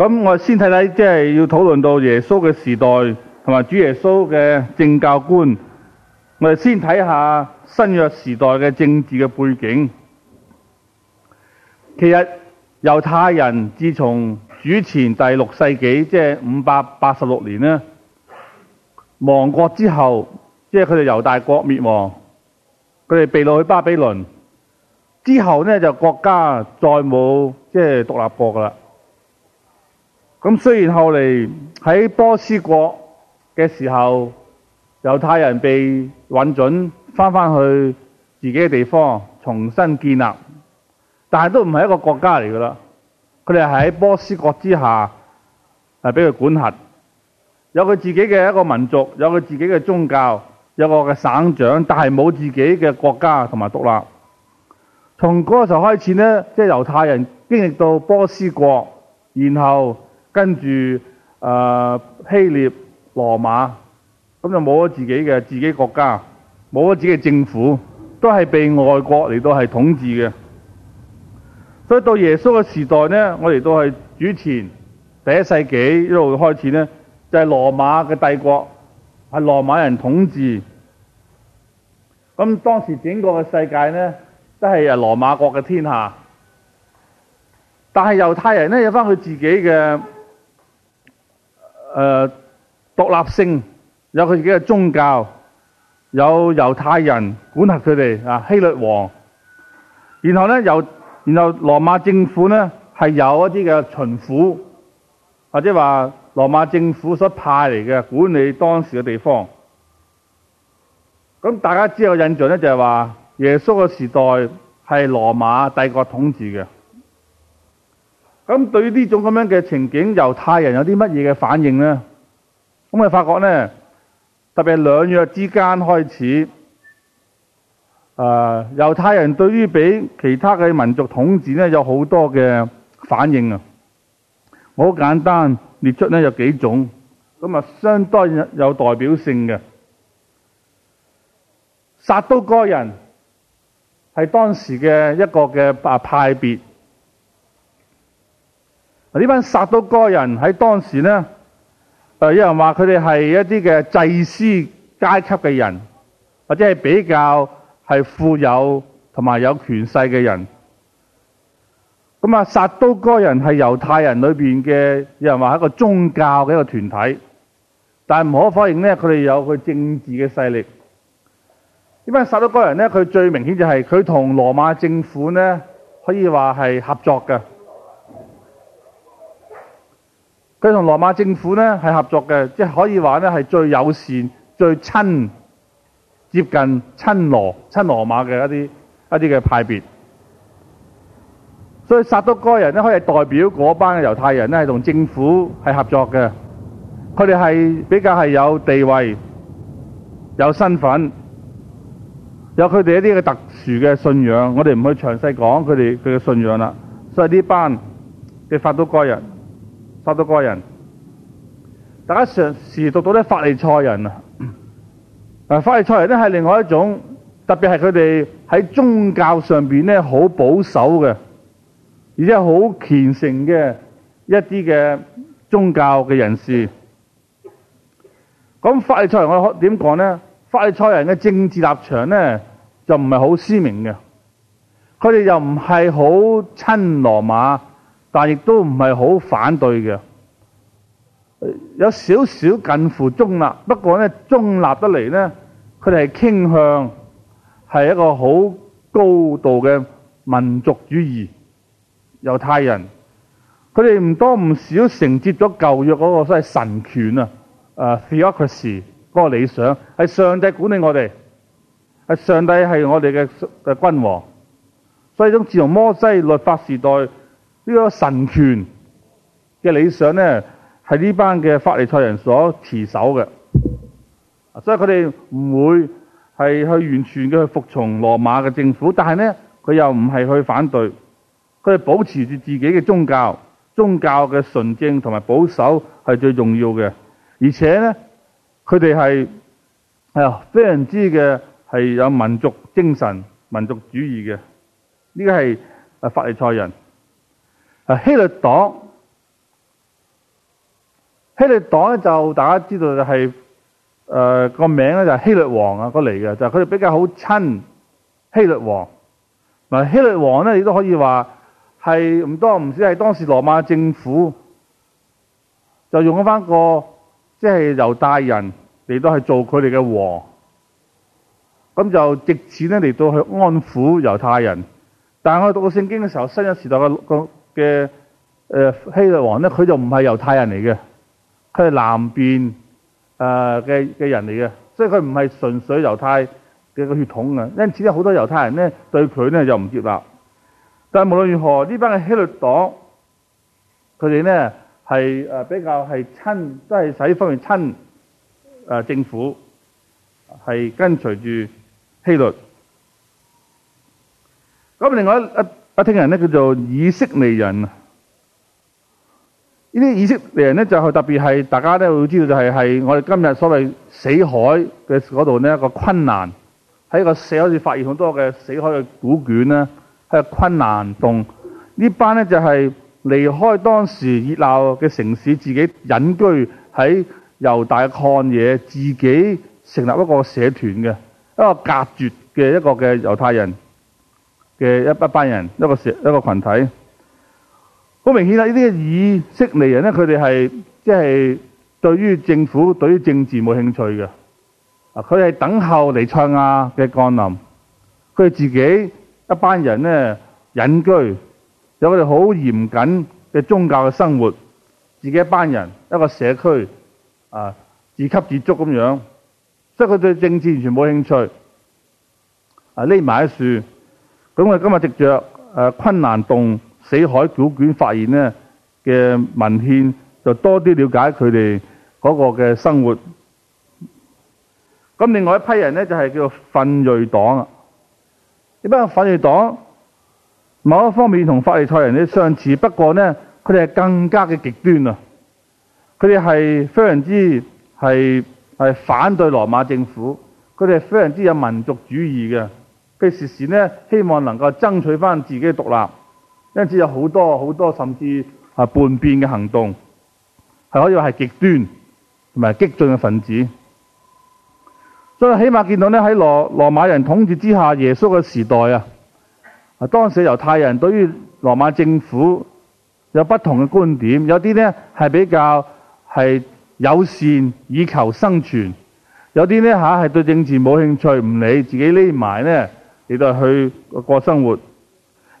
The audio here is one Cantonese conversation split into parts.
咁我先睇睇，即係要討論到耶穌嘅時代同埋主耶穌嘅政教觀，我哋先睇下新約時代嘅政治嘅背景。其實猶太人自從主前第六世紀，即係五百八十六年咧亡國之後，即係佢哋猶大國滅亡，佢哋被擄去巴比倫之後咧，就國家再冇即係獨立過噶啦。咁雖然後嚟，喺波斯國嘅時候，猶太人被允准，翻翻去自己嘅地方重新建立，但係都唔係一個國家嚟噶啦。佢哋係喺波斯國之下，係俾佢管轄，有佢自己嘅一個民族，有佢自己嘅宗教，有佢嘅省長，但係冇自己嘅國家同埋獨立。從嗰個時候開始呢，即係猶太人經歷到波斯國，然後。跟住，誒、呃、希臘、羅馬，咁就冇咗自己嘅自己國家，冇咗自己嘅政府，都係被外國嚟到係統治嘅。所以到耶穌嘅時代咧，我哋都係主前第一世紀一路開始咧，就係、是、羅馬嘅帝國係羅馬人統治。咁當時整個嘅世界咧都係誒羅馬國嘅天下，但係猶太人咧有返佢自己嘅。誒，獨、呃、立性有佢自己嘅宗教，有猶太人管轄佢哋啊，希律王。然後咧由然後羅馬政府咧係有一啲嘅巡撫，或者話羅馬政府所派嚟嘅管理當時嘅地方。咁大家知我印象咧就係話耶穌嘅時代係羅馬帝國統治嘅。咁對於呢種咁樣嘅情景，猶太人有啲乜嘢嘅反應呢？咁啊，發覺呢，特別兩約之間開始，誒、呃，猶太人對於俾其他嘅民族統治呢，有好多嘅反應啊！我簡單列出呢，有幾種，咁啊相當有代表性嘅，撒都該人係當時嘅一個嘅啊派別。呢班撒都該人喺當時咧，誒，有人話佢哋係一啲嘅祭司階級嘅人，或者係比較係富有同埋有權勢嘅人。咁啊，撒都該人係猶太人裏面嘅，有人話係一個宗教嘅一個團體，但係唔可否認咧，佢哋有佢政治嘅勢力。呢班撒都該人咧，佢最明顯就係佢同羅馬政府咧，可以話係合作嘅。佢同羅馬政府咧係合作嘅，即係可以話咧係最友善、最親接近親、親羅親羅馬嘅一啲一啲嘅派別。所以撒都該人咧，可以代表嗰班嘅猶太人咧，係同政府係合作嘅。佢哋係比較係有地位、有身份、有佢哋一啲嘅特殊嘅信仰。我哋唔去詳細講佢哋佢嘅信仰啦。所以呢班嘅撒都該人。十多個人，大家常時讀到啲法利賽人啊，嗱，法利賽人咧係另外一種，特別係佢哋喺宗教上邊咧好保守嘅，而且好虔誠嘅一啲嘅宗教嘅人士。咁法利賽人我點講咧？法利賽人嘅政治立場咧就唔係好鮮明嘅，佢哋又唔係好親羅馬。但亦都唔係好反對嘅，有少少近乎中立。不過咧，中立得嚟咧，佢哋係傾向係一個好高度嘅民族主義，猶太人佢哋唔多唔少承接咗舊約嗰個所謂神權啊，誒，theocracy 嗰個理想係上帝管理我哋，係上帝係我哋嘅嘅君王。所以從自從摩西律法時代。呢個神權嘅理想咧，係呢班嘅法利賽人所持守嘅，所以佢哋唔會係去完全嘅去服從羅馬嘅政府，但係咧佢又唔係去反對，佢哋保持住自己嘅宗教、宗教嘅純正同埋保守係最重要嘅。而且咧，佢哋係係非常之嘅係有民族精神、民族主義嘅。呢個係啊法利賽人。希律黨，希律黨咧就大家知道就係誒個名咧就希律王啊，個嚟嘅就佢哋比較好親希律王。嗱、就是、希律王咧，亦都可以話係唔多唔少係當時羅馬政府就用咗翻個即係猶太人嚟到去做佢哋嘅王，咁就藉此咧嚟到去安撫猶太人。但係我讀到聖經嘅時候，新約時代嘅個。嘅誒希律王咧，佢就唔係猶太人嚟嘅，佢係南邊誒嘅嘅人嚟嘅，所以佢唔係純粹猶太嘅個血統啊，因此咧好多猶太人咧對佢咧就唔接納。但係無論如何，呢班嘅希律黨，佢哋咧係誒比較係親，都係使方面親誒政府係跟隨住希律。咁另外一。一聽人咧叫做以色列人啊！呢啲以色列人咧就係特別係，大家都會知道就係係我哋今日所謂死海嘅嗰度呢一個昆蘭，喺個死海處發現好多嘅死海嘅古卷咧，喺個昆蘭洞。呢班咧就係離開當時熱鬧嘅城市，自己隱居喺猶大曠野，自己成立一個社團嘅一個隔絕嘅一個嘅猶太人。嘅一一班人，一個社一個羣體，好明顯啦！呢啲嘅以色列人咧，佢哋係即係對於政府，對於政治冇興趣嘅啊！佢哋等候彌賽亞嘅降臨，佢哋自己一班人咧隱居，有佢哋好嚴謹嘅宗教嘅生活，自己一班人一個社區啊，自給自足咁樣，所以佢對政治完全冇興趣啊！匿埋喺樹。咁啊！今日藉着誒昆蘭洞死海古卷發現咧嘅文獻，就多啲了解佢哋嗰個嘅生活。咁另外一批人咧，就係叫做奮銳黨啊！呢班奮銳黨某一方面同法利賽人咧相似，不過咧佢哋係更加嘅極端啊！佢哋係非常之係係反對羅馬政府，佢哋係非常之有民族主義嘅。佢時時咧，希望能夠爭取翻自己獨立，因此有好多好多甚至係叛變嘅行動，係可以話係極端同埋激進嘅分子。所以起碼見到咧，喺羅羅馬人統治之下，耶穌嘅時代啊，啊，當時猶太人對於羅馬政府有不同嘅觀點，有啲咧係比較係友善以求生存，有啲咧嚇係對政治冇興趣，唔理自己匿埋咧。佢哋去過生活，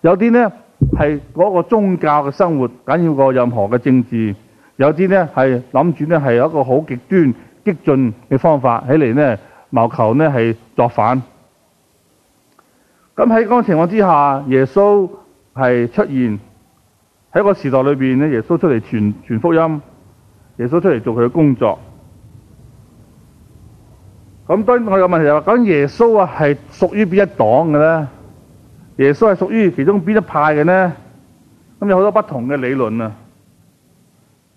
有啲呢係嗰個宗教嘅生活，緊要過任何嘅政治；有啲呢係諗住呢係有一個好極端激進嘅方法起嚟呢，謀求呢係作反。咁喺嗰個情況之下，耶穌係出現喺個時代裏邊呢，耶穌出嚟傳傳福音，耶穌出嚟做佢嘅工作。咁當然我嘅問題就話，講耶穌啊，係屬於邊一黨嘅咧？耶穌係屬於其中邊一派嘅咧？咁有好多不同嘅理論啊！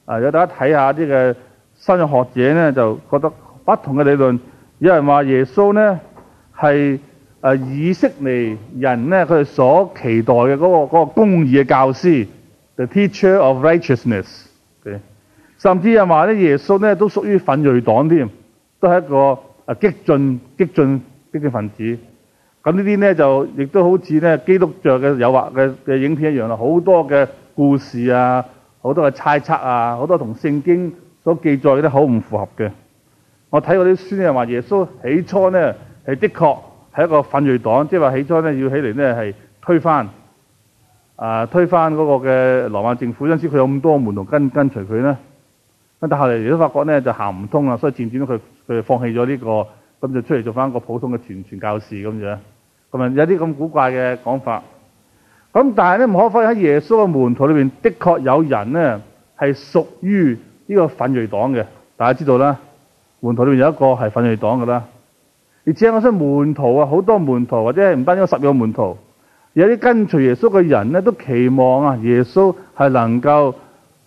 啊，有大家睇下啲嘅新嘅學者咧，就覺得不同嘅理論。有人話耶穌咧係誒愛色尼人咧，佢哋所期待嘅嗰個嗰個公義嘅教師，the teacher of righteousness。甚至有人話咧，耶穌咧都屬於奮銳黨添，都係一個。啊！激進、激進、激進分子，咁呢啲咧就亦都好似咧基督教嘅誘惑嘅嘅影片一樣啦。好多嘅故事啊，好多嘅猜測啊，好多同聖經所記載嘅都好唔符合嘅。我睇嗰啲書又話耶穌起初咧係的確係一個奮銳黨，即係話起初咧要起嚟咧係推翻啊推翻嗰個嘅羅曼政府，因此佢有咁多門徒跟跟隨佢咧。但後嚟，如果發覺咧，就行唔通啦，所以漸漸都佢佢放棄咗呢、這個，咁就出嚟做翻一個普通嘅傳傳教士咁樣，咁啊有啲咁古怪嘅講法。咁但係咧，唔可否認喺耶穌嘅門徒裏邊，的確有人咧係屬於呢個奮銳黨嘅。大家知道啦，門徒裏邊有一個係奮銳黨嘅啦。而且我想，門徒啊，好多門徒或者唔單止十有門徒，有啲跟隨耶穌嘅人咧，都期望啊，耶穌係能夠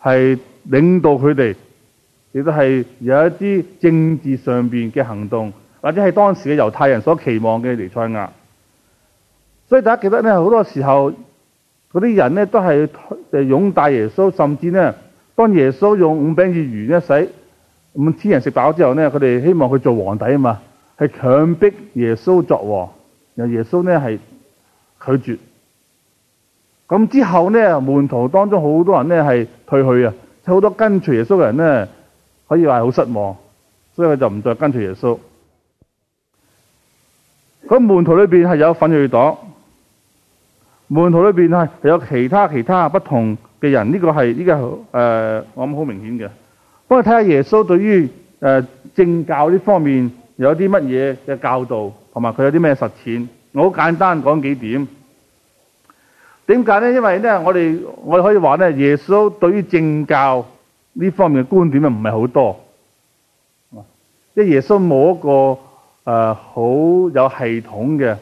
係領導佢哋。亦都係有一啲政治上面嘅行動，或者係當時嘅猶太人所期望嘅彌賽亞。所以大家記得咧，好多時候嗰啲人咧都係誒擁戴耶穌，甚至咧當耶穌用五餅二魚一使五千人食飽之後咧，佢哋希望佢做皇帝啊嘛，係強迫耶穌作王。然後耶穌咧係拒絕。咁之後咧，門徒當中好多人咧係退去啊，好多跟隨耶穌嘅人咧。可以話係好失望，所以佢就唔再跟隨耶穌。咁門徒裏邊係有奮銳黨，門徒裏邊係有其他其他不同嘅人，呢、這個係呢、這個誒、呃，我諗好明顯嘅。不過睇下耶穌對於誒、呃、政教呢方面有啲乜嘢嘅教導，同埋佢有啲咩實踐。我好簡單講幾點。點解咧？因為咧，我哋我哋可以話咧，耶穌對於政教。呢方面嘅觀點，又唔係好多，即係耶穌冇一個誒好、呃、有系統嘅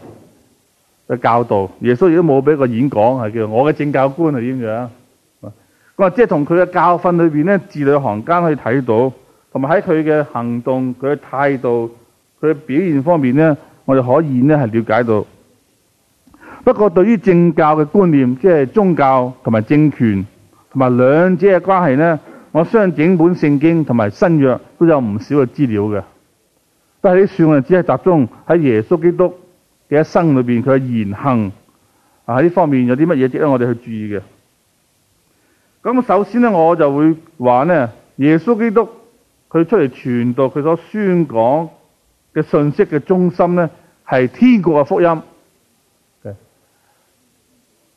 嘅教導。耶穌亦都冇俾一個演講係叫我嘅政教觀係點樣的？咁話即係同佢嘅教訓裏邊咧，字裏行間可以睇到，同埋喺佢嘅行動、佢嘅態度、佢嘅表現方面咧，我哋可以咧係了解到。不過，對於政教嘅觀念，即係宗教同埋政權同埋兩者嘅關係咧。我相信整本聖經同埋新約都有唔少嘅資料嘅，但係啲書我只係集中喺耶穌基督嘅一生裏面，佢嘅言行，啊喺呢方面有啲乜嘢值得我哋去注意嘅。咁首先呢，我就會話呢，耶穌基督佢出嚟傳道，佢所宣講嘅信息嘅中心呢，係天國嘅福音嘅。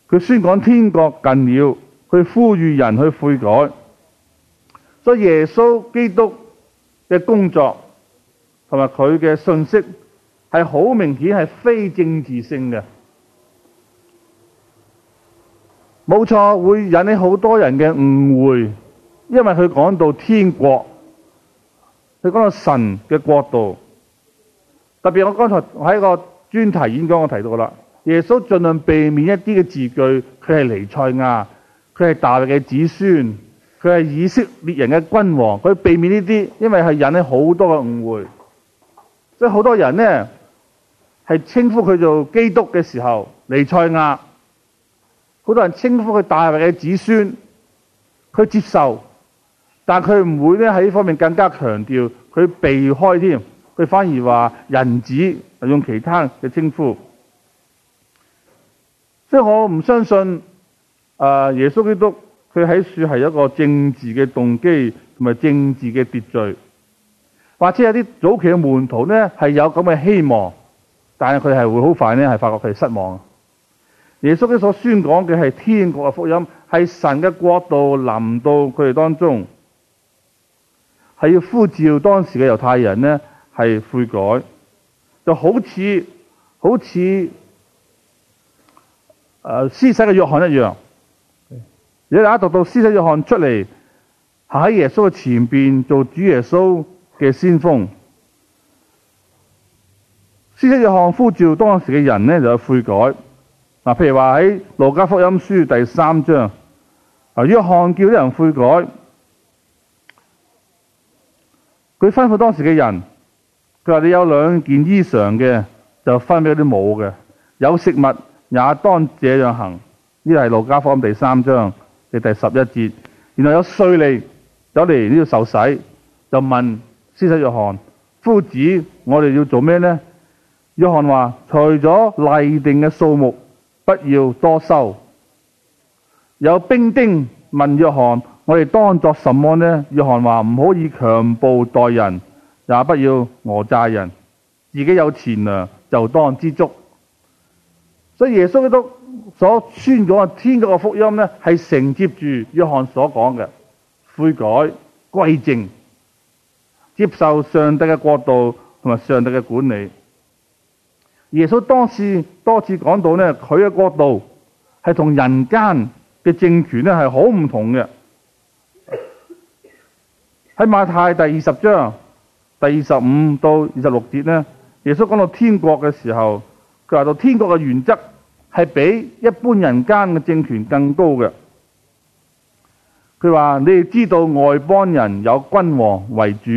佢宣講天國近了，佢呼籲人去悔改。所以耶穌基督的工作和他的嘅信息是好明顯係非政治性的，沒錯會引起好多人的誤會，因為他講到天國，他講到神的國度。特別我剛才在一個專題演講我提到了耶穌盡量避免一些嘅字句，他是尼賽亞，他是大衛的子孫。佢係以色列人嘅君王，佢避免呢啲，因為係引起好多嘅誤會。即係好多人呢，係稱呼佢做基督嘅時候，彌賽亞；好多人稱呼佢大衞嘅子孫，佢接受，但佢唔會咧喺呢方面更加強調，佢避開添，佢反而話人子用其他嘅稱呼。即係我唔相信，啊，耶穌基督。佢喺算係一個政治嘅動機，同埋政治嘅秩序，或者有啲早期嘅門徒咧，係有咁嘅希望，但係佢係會好快咧，係發覺佢哋失望。耶穌咧所宣講嘅係天國嘅福音，係神嘅國度臨到佢哋當中，係要呼召當時嘅猶太人呢係悔改，就好似好似誒、呃，施洗嘅約翰一樣。你而家讀到施洗約翰出嚟，喺耶穌嘅前面做主耶穌嘅先鋒。施洗約翰呼召當時嘅人就有悔改。譬如話喺路加福音書第三章，啊約翰叫啲人悔改，佢吩咐當時嘅人，佢話你有兩件衣裳嘅就分俾啲冇嘅；有食物也當這樣行。這是路加福音第三章。嘅第，第十一節，然後有稅吏，走嚟呢度受洗，就問施洗約翰：夫子，我哋要做咩呢？」約翰話：除咗例定嘅數目，不要多收。有兵丁問約翰：我哋當作什麼呢？約翰話：唔可以強暴待人，也不要訛詐人，自己有錢糧就當知足。所以耶穌都所宣講嘅天國嘅福音咧，係承接住約翰所講嘅悔改、歸正、接受上帝嘅國度同埋上帝嘅管理。耶穌當時多次講到呢，佢嘅國度係同人間嘅政權呢，係好唔同嘅。喺馬太第二十章第二十五到二十六節呢，耶穌講到天國嘅時候，佢話到天國嘅原則。係比一般人間嘅政權更高嘅。佢話：你哋知道外邦人有君王為主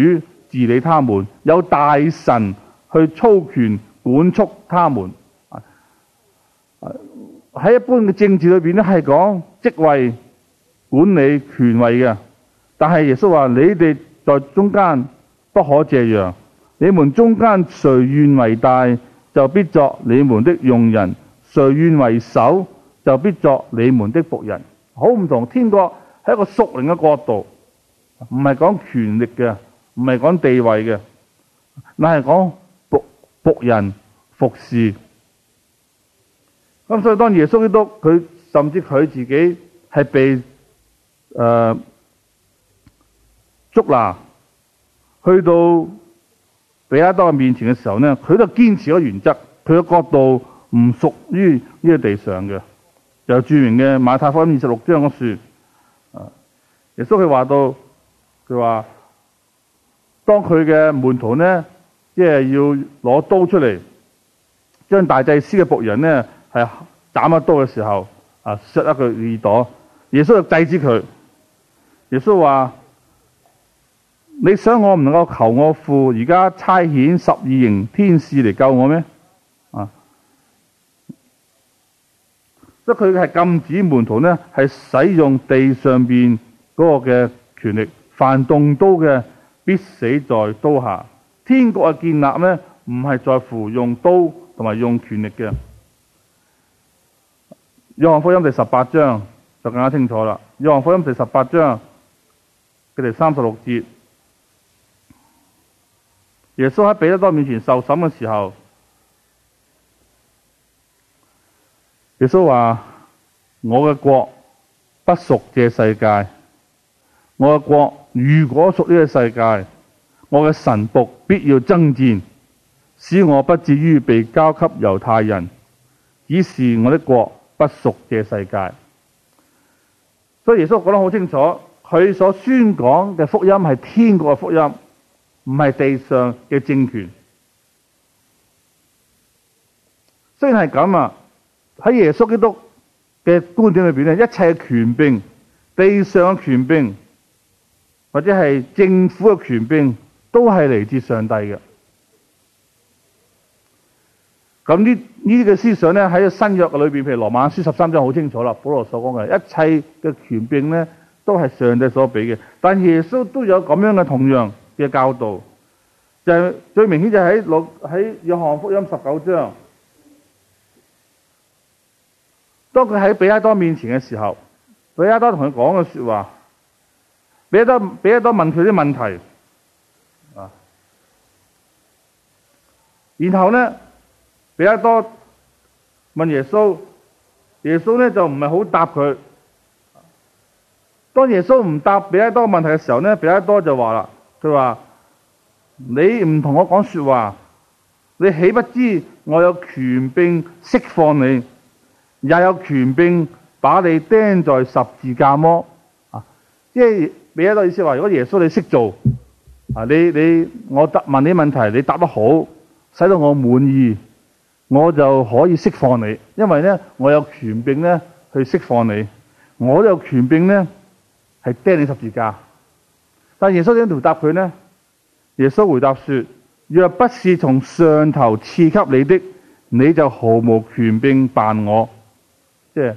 治理他們，有大臣去操權管束他們。喺一般嘅政治裏面咧，係講職位管理權位嘅。但係耶穌話：你哋在中間不可這樣，你們中間誰願為大，就必作你們的用人。誰願為首，就必作你們的僕人。好，唔同天國係一個屬靈嘅國度，唔係講權力嘅，唔係講地位嘅，乃係講僕僕人服侍。咁所以當耶穌基督佢甚至佢自己係被誒、呃、捉拿，去到比拉多嘅面前嘅時候呢，佢就堅持個原則，佢嘅國度，唔屬於呢個地上嘅，有著名嘅馬太福音二十六章嘅樹。啊，耶穌佢話到，佢話當佢嘅門徒呢，即係要攞刀出嚟，將大祭司嘅僕人呢係斬一刀嘅時候，啊，削一個耳朵。耶穌就制止佢。耶穌話：你想我唔能夠求我父而家差遣十二營天使嚟救我咩？所以佢係禁止門徒呢，係使用地上面嗰個嘅權力，凡動刀嘅必死在刀下。天國嘅建立呢，唔係在乎用刀同埋用權力嘅。約翰福音第十八章就更加清楚啦。約翰福音第十八章佢哋三十六節，耶穌喺彼得多面前受審嘅時候。耶穌話：我嘅國不屬嘅世界，我嘅國如果屬呢個世界，我嘅臣僕必要爭戰，使我不至於被交給猶太人，只是我的國不屬嘅世界。所以耶穌講得好清楚，佢所宣講嘅福音係天國嘅福音，唔係地上嘅政權。雖然係咁啊。喺耶穌基督嘅觀點裏邊咧，一切嘅權柄、地上嘅權柄或者係政府嘅權柄，都係嚟自上帝嘅。咁呢呢啲嘅思想咧，喺新約嘅裏邊，譬如羅馬書十三章好清楚啦，保羅所講嘅一切嘅權柄咧，都係上帝所俾嘅但耶穌都有咁樣嘅同樣嘅教導，就係、是、最明顯就係攞喺約翰福音十九章。當佢喺比拉多面前嘅時候，比拉多同佢講嘅說話，比拉多，比拉多問佢啲問題，啊，然後呢，比拉多問耶穌，耶穌呢就唔係好答佢。當耶穌唔答比拉多問題嘅時候呢，比拉多就話啦，佢話，你唔同我講說話，你豈不知我有權柄釋放你？也有權柄把你釘在十字架麼？啊，即係俾一個意思話，如果耶穌你識做啊，你你我答問你問題，你答得好，使到我滿意，我就可以釋放你，因為咧我有權柄咧去釋放你，我有權柄咧係釘你十字架。但耶穌點樣回答佢咧？耶穌回答說：若不是從上頭賜給你的，你就毫無權柄辦我。即係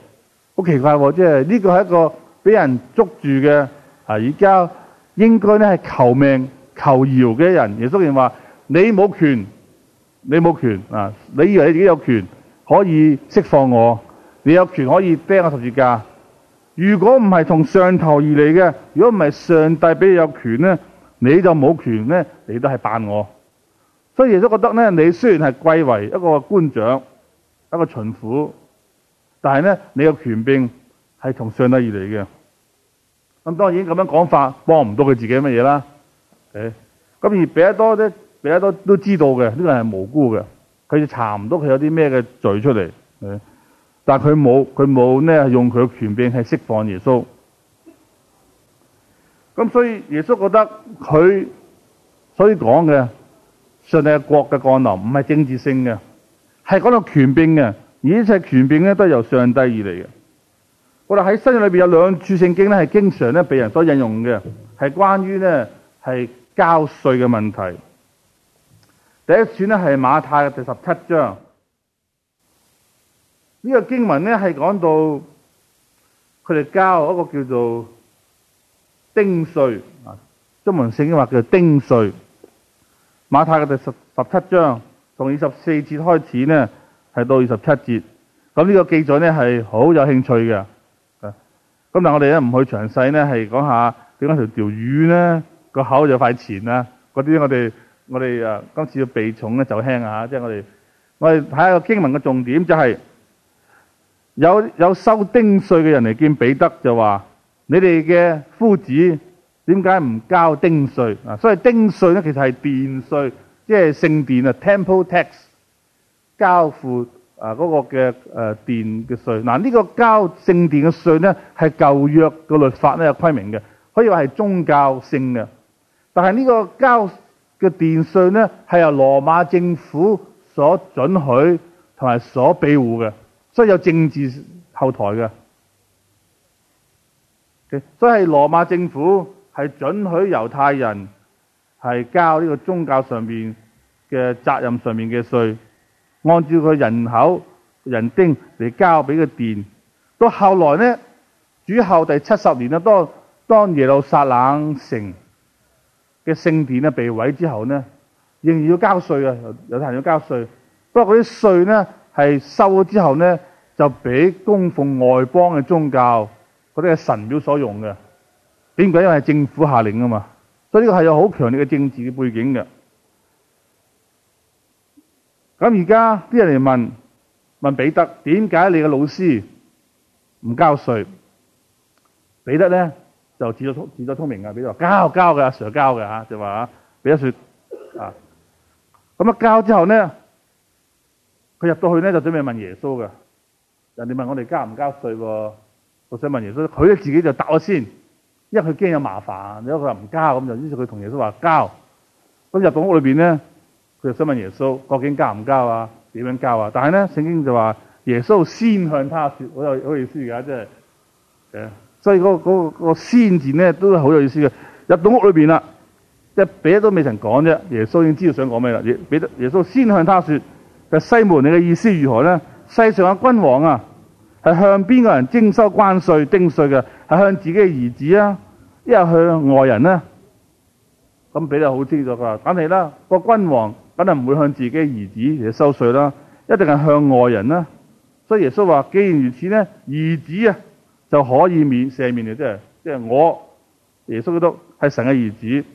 好奇怪，即係呢個係一個俾人捉住嘅啊！而家應該咧係求命、求饒嘅人。耶穌就話：你冇權，你冇權啊！你以為你自己有權可以釋放我？你有權可以釘我十字架？如果唔係從上頭而嚟嘅，如果唔係上帝俾你有權咧，你就冇權咧，你都係辦我。所以耶穌覺得咧，你雖然係貴為一個官長、一個巡撫。但係咧，你個權柄係從上帝而嚟嘅。咁當然咁樣講法幫唔到佢自己乜嘢啦。誒、嗯，咁而彼拉多咧，彼拉多都知道嘅，呢、這個人係無辜嘅，佢就查唔到佢有啲咩嘅罪出嚟。誒、嗯，但係佢冇，佢冇咩用佢嘅權柄去釋放耶穌。咁所以耶穌覺得佢所以講嘅上帝國嘅降臨唔係政治性嘅，係講到權柄嘅。而一切權柄咧都係由上帝而嚟嘅。我哋喺新約裏邊有兩處聖經咧係經常咧被人所引用嘅，係關於咧係交稅嘅問題。第一處咧係馬太嘅第十七章，呢個經文咧係講到佢哋交一個叫做丁稅啊，中文聖經話叫做丁稅。馬太嘅第十十七章從二十四節開始咧，係到二十七節，咁呢個記載咧係好有興趣嘅，咁但係我哋咧唔去詳細咧係講下點樣條釣魚點解條魚咧，個口就快纏有塊錢啦，嗰啲我哋我哋誒今次要避重咧就輕啊吓，即係我哋我哋睇下經文嘅重點就係有有收丁稅嘅人嚟見彼得就話你哋嘅夫子點解唔交丁稅啊？所以丁稅咧其實係殿稅，即係聖殿啊，Temple Tax。交付啊嗰個嘅誒殿嘅稅，嗱呢個交聖殿嘅稅咧，係舊約嘅律法咧有規明嘅，可以話係宗教性嘅。但係呢個交嘅殿稅咧，係由羅馬政府所准許同埋所庇護嘅，所以有政治後台嘅。所以係羅馬政府係准許猶太人係交呢個宗教上邊嘅責任上面嘅稅。按照佢人口人丁嚟交俾個電，到後來咧，主後第七十年啊，當當耶路撒冷城嘅聖殿啊被毀之後咧，仍然要交稅啊，有有得要交稅。不過嗰啲稅咧係收咗之後咧，就俾供奉外邦嘅宗教嗰啲嘅神廟所用嘅。點解？因為係政府下令啊嘛，所以呢個係有好強烈嘅政治嘅背景嘅。咁而家啲人嚟問問彼得，點解你嘅老師唔交稅？彼得咧就自作聰，自作聰明嘅，彼得話交交嘅，阿 Sir 交嘅吓，就話啊，彼得說啊，咁啊交之後咧，佢入到去咧就準備問耶穌嘅，人哋問我哋交唔交稅喎？我想問耶穌，佢咧自己就答咗先，因為佢驚有麻煩，如果佢話唔交咁就，於是佢同耶穌話交。咁入到屋裏邊咧。佢就想問耶穌，究竟交唔交啊？點樣交啊？但係呢，聖經就話耶穌先向他說，好有好意思噶，即係，誒，Yeah. 所以嗰、嗰個嗰個嗰個先字呢，都好有意思嘅。入到屋裏邊啦，一彼得都未曾講啫。耶穌已經知道想講咩啦。彼得耶穌先向他說：，西門，你嘅意思如何呢？世上嘅君王啊，係向邊個人征收關稅、丁稅嘅？係向自己嘅兒子啊，一係向外人呢？咁彼得就好清楚噶。但係啦，個君王。梗係唔會向自己的兒子嚟收稅啦，一定係向外人啦。所以耶穌話：既然如此咧，兒子啊就可以免赦免嘅，即係即係我耶穌都係神嘅兒子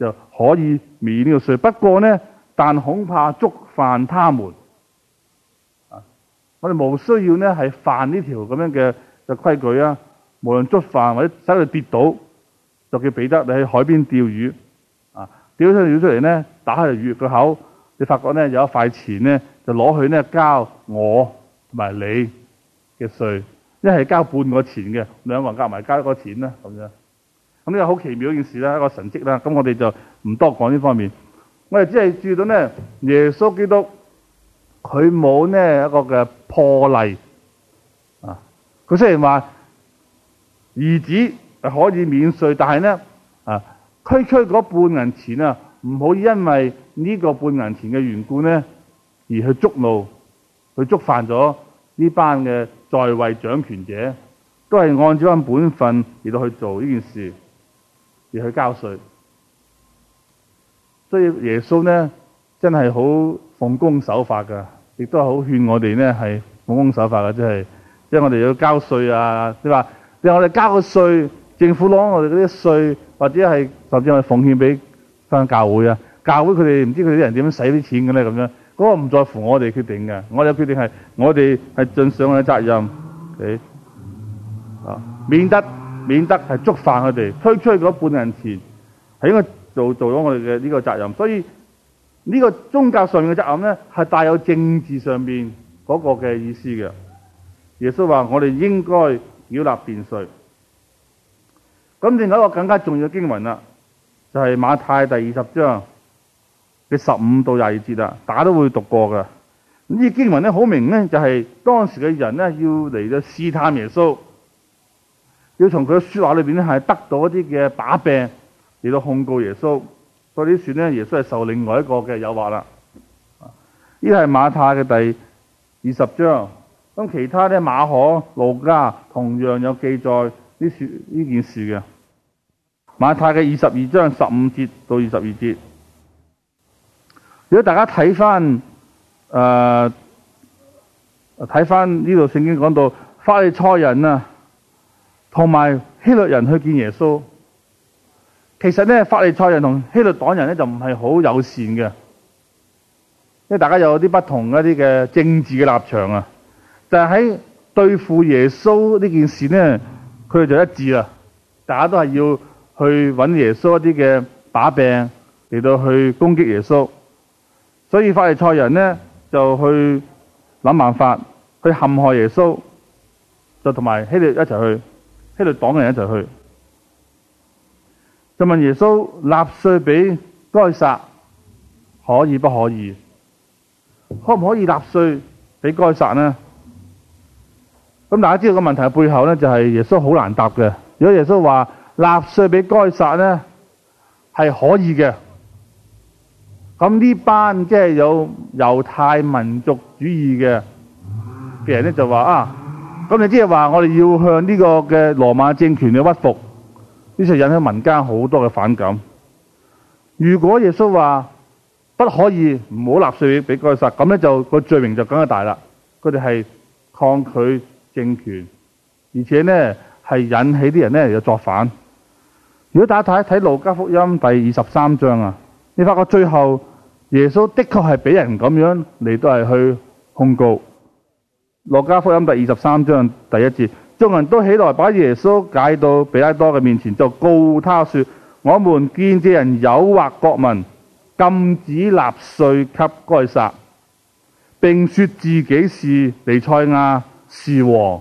就可以免呢、就是、個稅。不過咧，但恐怕觸犯他們啊！我哋無需要咧係犯呢條咁樣嘅嘅規矩啊。無論觸犯或者使佢跌倒，就叫彼得你喺海邊釣魚。釣出條魚出嚟咧，打開佢個口，你發覺咧有一塊錢咧，就攞去咧交我同埋你嘅稅，一係交半個錢嘅，兩個人夾埋交一個錢啦，咁樣。咁呢個好奇妙一件事啦，一個神蹟啦。咁我哋就唔多講呢方面。我哋只係注意到咧，耶穌基督佢冇呢一個嘅破例啊。佢雖然話兒子係可以免稅，但係咧啊。區區嗰半銀錢啊，唔好因為呢個半銀錢嘅緣故咧，而去觸怒、去觸犯咗呢班嘅在位掌權者，都係按照翻本分而到去做呢件事，而去交稅。所以耶穌咧，真係好奉公守法㗎，亦都係好勸我哋咧係奉公守法㗎。即係，即係我哋要交稅啊，吧你話，我哋交個稅，政府攞我哋嗰啲稅。或者係甚至我哋奉獻俾新教會啊，教會佢哋唔知佢啲人點樣使啲錢嘅咧咁樣，嗰個唔在乎我哋決定嘅，我哋決定係我哋係盡上嘅責任，誒，啊，免得免得係觸犯佢哋，推出去嗰半人前係應該做做咗我哋嘅呢個責任，所以呢個宗教上面嘅責任咧係帶有政治上面嗰個嘅意思嘅。耶穌話我哋應該繳納殿稅。咁另外一個更加重要嘅經文啦，就係馬太第二十章嘅十五到廿二節啦，大家都會讀過嘅。呢經經文咧好明咧，就係當時嘅人咧要嚟嘅試探耶穌，要從佢嘅說話裏面咧係得到一啲嘅把柄嚟到控告耶穌。所以啲書咧，耶穌係受另外一個嘅誘惑啦。呢係馬太嘅第二十章。咁其他咧馬可、路加同樣有記載呢呢件事嘅。馬太嘅二十二章十五節到二十二節，如果大家睇翻，誒，睇翻呢度聖經講到法利賽人啊，同埋希律人去見耶穌。其實咧法利賽人同希律黨人咧就唔係好友善嘅，因為大家有啲不同一啲嘅政治嘅立場啊，但係喺對付耶穌呢件事呢，佢哋就一致啦，大家都係要去揾耶穌一啲嘅把柄嚟到去攻擊耶穌，所以法利賽人呢就去諗辦法，去陷害耶穌，就同埋希律一齊去，希律黨嘅人一齊去，就問耶穌納稅俾該撒可以不可以？可唔可以納稅俾該撒呢？咁大家知道個問題嘅背後咧，就係耶穌好難答嘅。如果耶穌話，納稅俾該殺咧係可以嘅，咁呢班即係有猶太民族主義嘅嘅人咧就話啊，咁你即係話我哋要向呢個嘅羅馬政權嘅屈服，呢就引起民間好多嘅反感。如果耶穌話不可以，唔好納稅俾該殺，咁咧就，個罪名就更加大啦。佢哋係抗拒政權，而且咧係引起啲人咧又作反。如果大家睇一睇《路加福音》第二十三章啊，你發覺最後耶穌的確係俾人咁樣嚟到，係去控告。《路加福音》第二十三章第一節，眾人都起來把耶穌解到彼拉多嘅面前，就告他說：我們見這人誘惑國民，禁止納稅給該撒，並說自己是尼賽亞是王。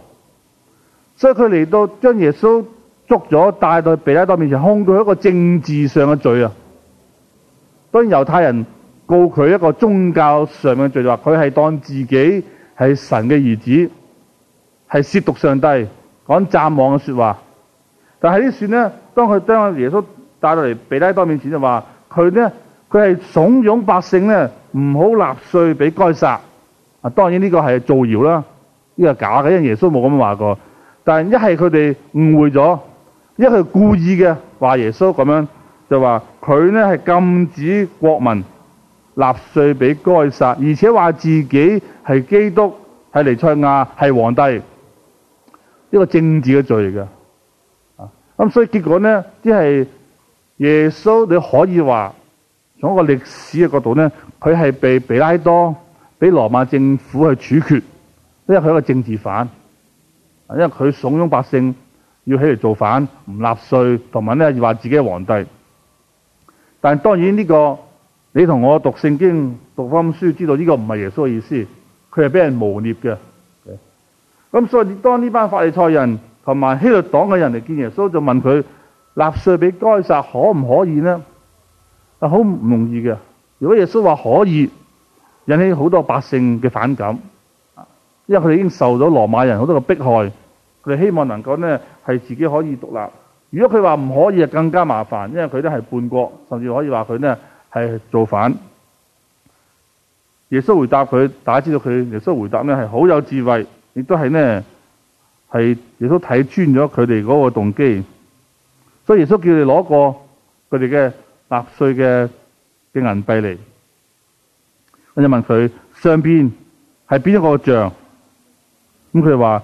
所以佢嚟到將耶穌。捉咗，帶到去彼拉多面前控告一個政治上嘅罪啊！當然猶太人告佢一個宗教上嘅罪，就話佢係當自己係神嘅兒子，係褻瀆上帝講僭妄嘅說話。但係啲算呢？當佢將耶穌帶到嚟彼拉多面前就話佢呢，佢係慫恿百姓呢唔好納稅俾該撒。啊，當然呢個係造謠啦，呢個假嘅，因耶穌冇咁話過。但係一係佢哋誤會咗。一佢係故意嘅，話耶穌咁樣就話佢咧係禁止國民納稅俾該撒，而且話自己係基督，係彌賽亞，係皇帝，一、這個政治嘅罪嚟嘅。啊，咁所以結果咧，即、就、係、是、耶穌你可以話從一個歷史嘅角度咧，佢係被彼拉多俾羅馬政府去處決，因為佢係一個政治犯，因為佢慫恿百姓。要起嚟造反，唔納稅，同埋咧話自己係皇帝。但係當然呢個，你同我讀聖經、讀福音書，知道呢個唔係耶穌嘅意思，佢係俾人污衊嘅。咁所以當呢班法利賽人同埋希律黨嘅人嚟見耶穌，就問佢納稅俾該撒可唔可以呢？啊，好唔容易嘅。如果耶穌話可以，引起好多百姓嘅反感，因為佢哋已經受咗羅馬人好多嘅迫害。佢哋希望能夠咧係自己可以獨立。如果佢話唔可以，就更加麻煩，因為佢咧係叛國，甚至可以話佢咧係造反。耶穌回答佢，大家知道佢。耶穌回答咧係好有智慧，亦都係咧係耶穌睇穿咗佢哋嗰個動機，所以耶穌叫你攞個佢哋嘅納稅嘅嘅銀幣嚟。我就問佢上邊係邊一個像，咁佢就話。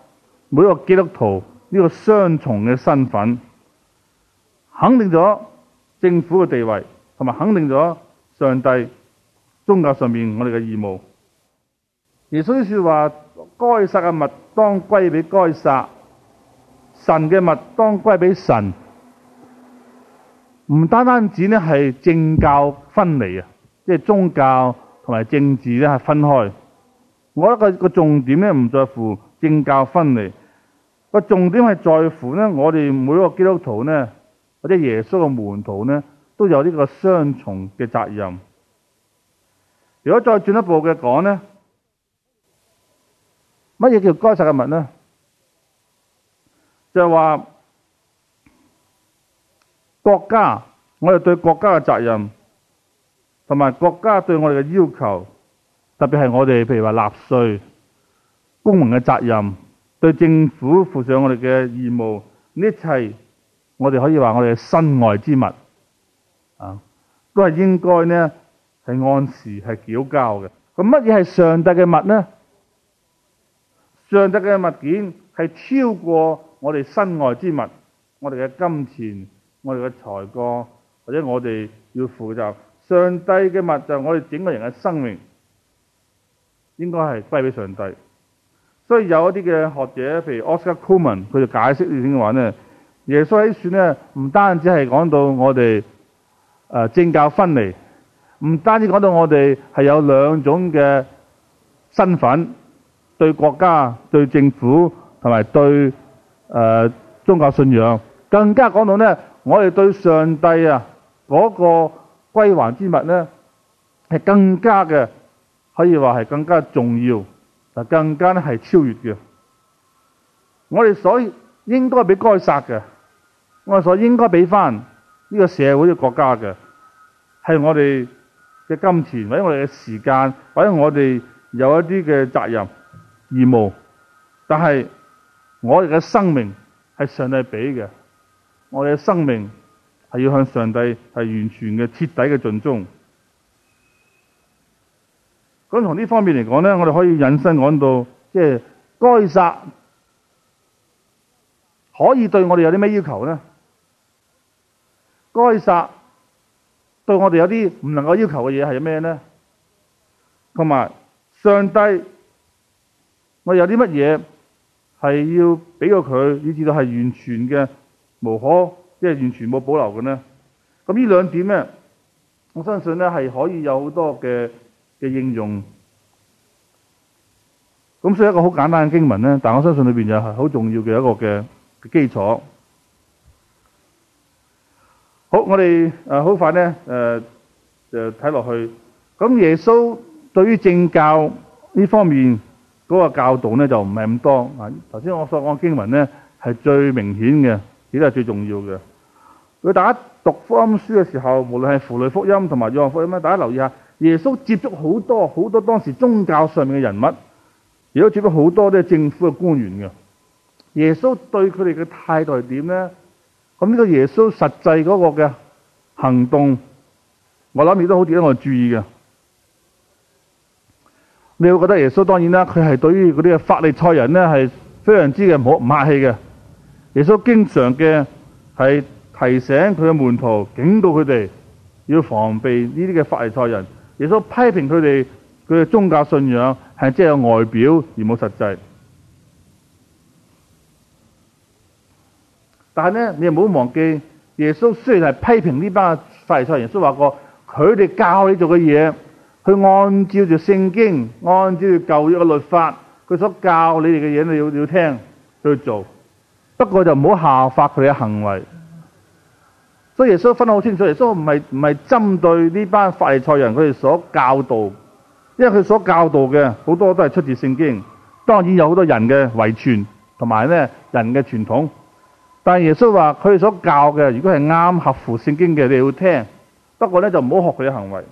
每個基督徒呢個雙重嘅身份，肯定咗政府嘅地位，同埋肯定咗上帝宗教上面我哋嘅義務。耶穌說話該撒嘅物當歸俾該撒，神嘅物當歸俾神。唔單單止呢係政教分離啊，即係宗教同埋政治咧係分開。我覺得個個重點咧唔在乎政教分離。個重點係在乎咧，我哋每一個基督徒咧，或者耶穌嘅門徒咧，都有呢個雙重嘅責任。如果再進一步嘅講咧，乜嘢叫該撒嘅物咧？就係話國家，我哋對國家嘅責任，同埋國家對我哋嘅要求，特別係我哋譬如話納稅、公民嘅責任。對政府負上我哋嘅義務，呢一切我哋可以話我哋身外之物啊，都係應該咧係按時係繳交嘅。咁乜嘢係上帝嘅物咧？上帝嘅物件係超過我哋身外之物，我哋嘅金錢、我哋嘅財貨，或者我哋要負責上帝嘅物就係我哋整個人嘅生命，應該係歸俾上帝。所以有一啲嘅學者，譬如 Oscar Kouman，uh、佢就解釋呢啲嘅話咧。耶穌喺書咧唔單止係講到我哋誒政教分離，唔單止講到我哋係有兩種嘅身份對國家、對政府同埋對誒、呃、宗教信仰，更加講到咧，我哋對上帝啊嗰個歸還之物咧係更加嘅，可以話係更加重要。嗱，更加咧係超越嘅。我哋所應該俾該撒嘅，我哋所應該俾返呢個社會、嘅國家嘅，係我哋嘅金錢，或者我哋嘅時間，或者我哋有一啲嘅責任、義務。但係我哋嘅生命係上帝俾嘅，我哋嘅生命係要向上帝係完全嘅、徹底嘅盡忠。咁從呢方面嚟講咧，我哋可以引申講到，即係該撒可以對我哋有啲咩要求咧？該撒對我哋有啲唔能夠要求嘅嘢係咩咧？同埋上帝，我哋有啲乜嘢係要俾過佢，以至到係完全嘅無可，即係完全冇保留嘅咧？咁呢兩點咧，我相信咧係可以有好多嘅嘅應用，咁所以一個好簡單嘅經文咧，但我相信裏邊又係好重要嘅一個嘅嘅基礎。好，我哋誒好快咧誒就睇落去。咁耶穌對於政教呢方面嗰個教導咧就唔係咁多。啊，頭先我所講經文咧係最明顯嘅，亦都係最重要嘅。佢大家讀福音書嘅時候，無論係符類福音同埋約翰福音咧，大家留意下。耶穌接觸好多好多當時宗教上面嘅人物，亦都接觸好多啲政府嘅官員嘅。耶穌對佢哋嘅態度係點咧？咁、這、呢個耶穌實際嗰個嘅行動，我諗亦都好值得我哋注意嘅。你會覺得耶穌當然啦，佢係對於嗰啲嘅法利賽人咧係非常之嘅唔好唔客氣嘅。耶穌經常嘅係提醒佢嘅門徒，警告佢哋要防備呢啲嘅法利賽人。耶穌批評佢哋，佢嘅宗教信仰係即係有外表而冇實際。但係咧，你唔好忘記耶穌雖然係批評呢班嘅法利賽，耶穌話過佢哋教你做嘅嘢，佢按照住聖經、按照住舊約嘅律法，佢所教你哋嘅嘢，你要要聽去做。不過就唔好效法佢哋嘅行為。所以耶穌分得好清楚，耶穌唔係唔係針對呢班法利賽人佢哋所教導，因為佢所教導嘅好多都係出自聖經，當然有好多人嘅遺傳同埋咧人嘅傳統，但係耶穌話佢哋所教嘅如果係啱合乎聖經嘅你要聽，不過咧就唔好學佢嘅行為。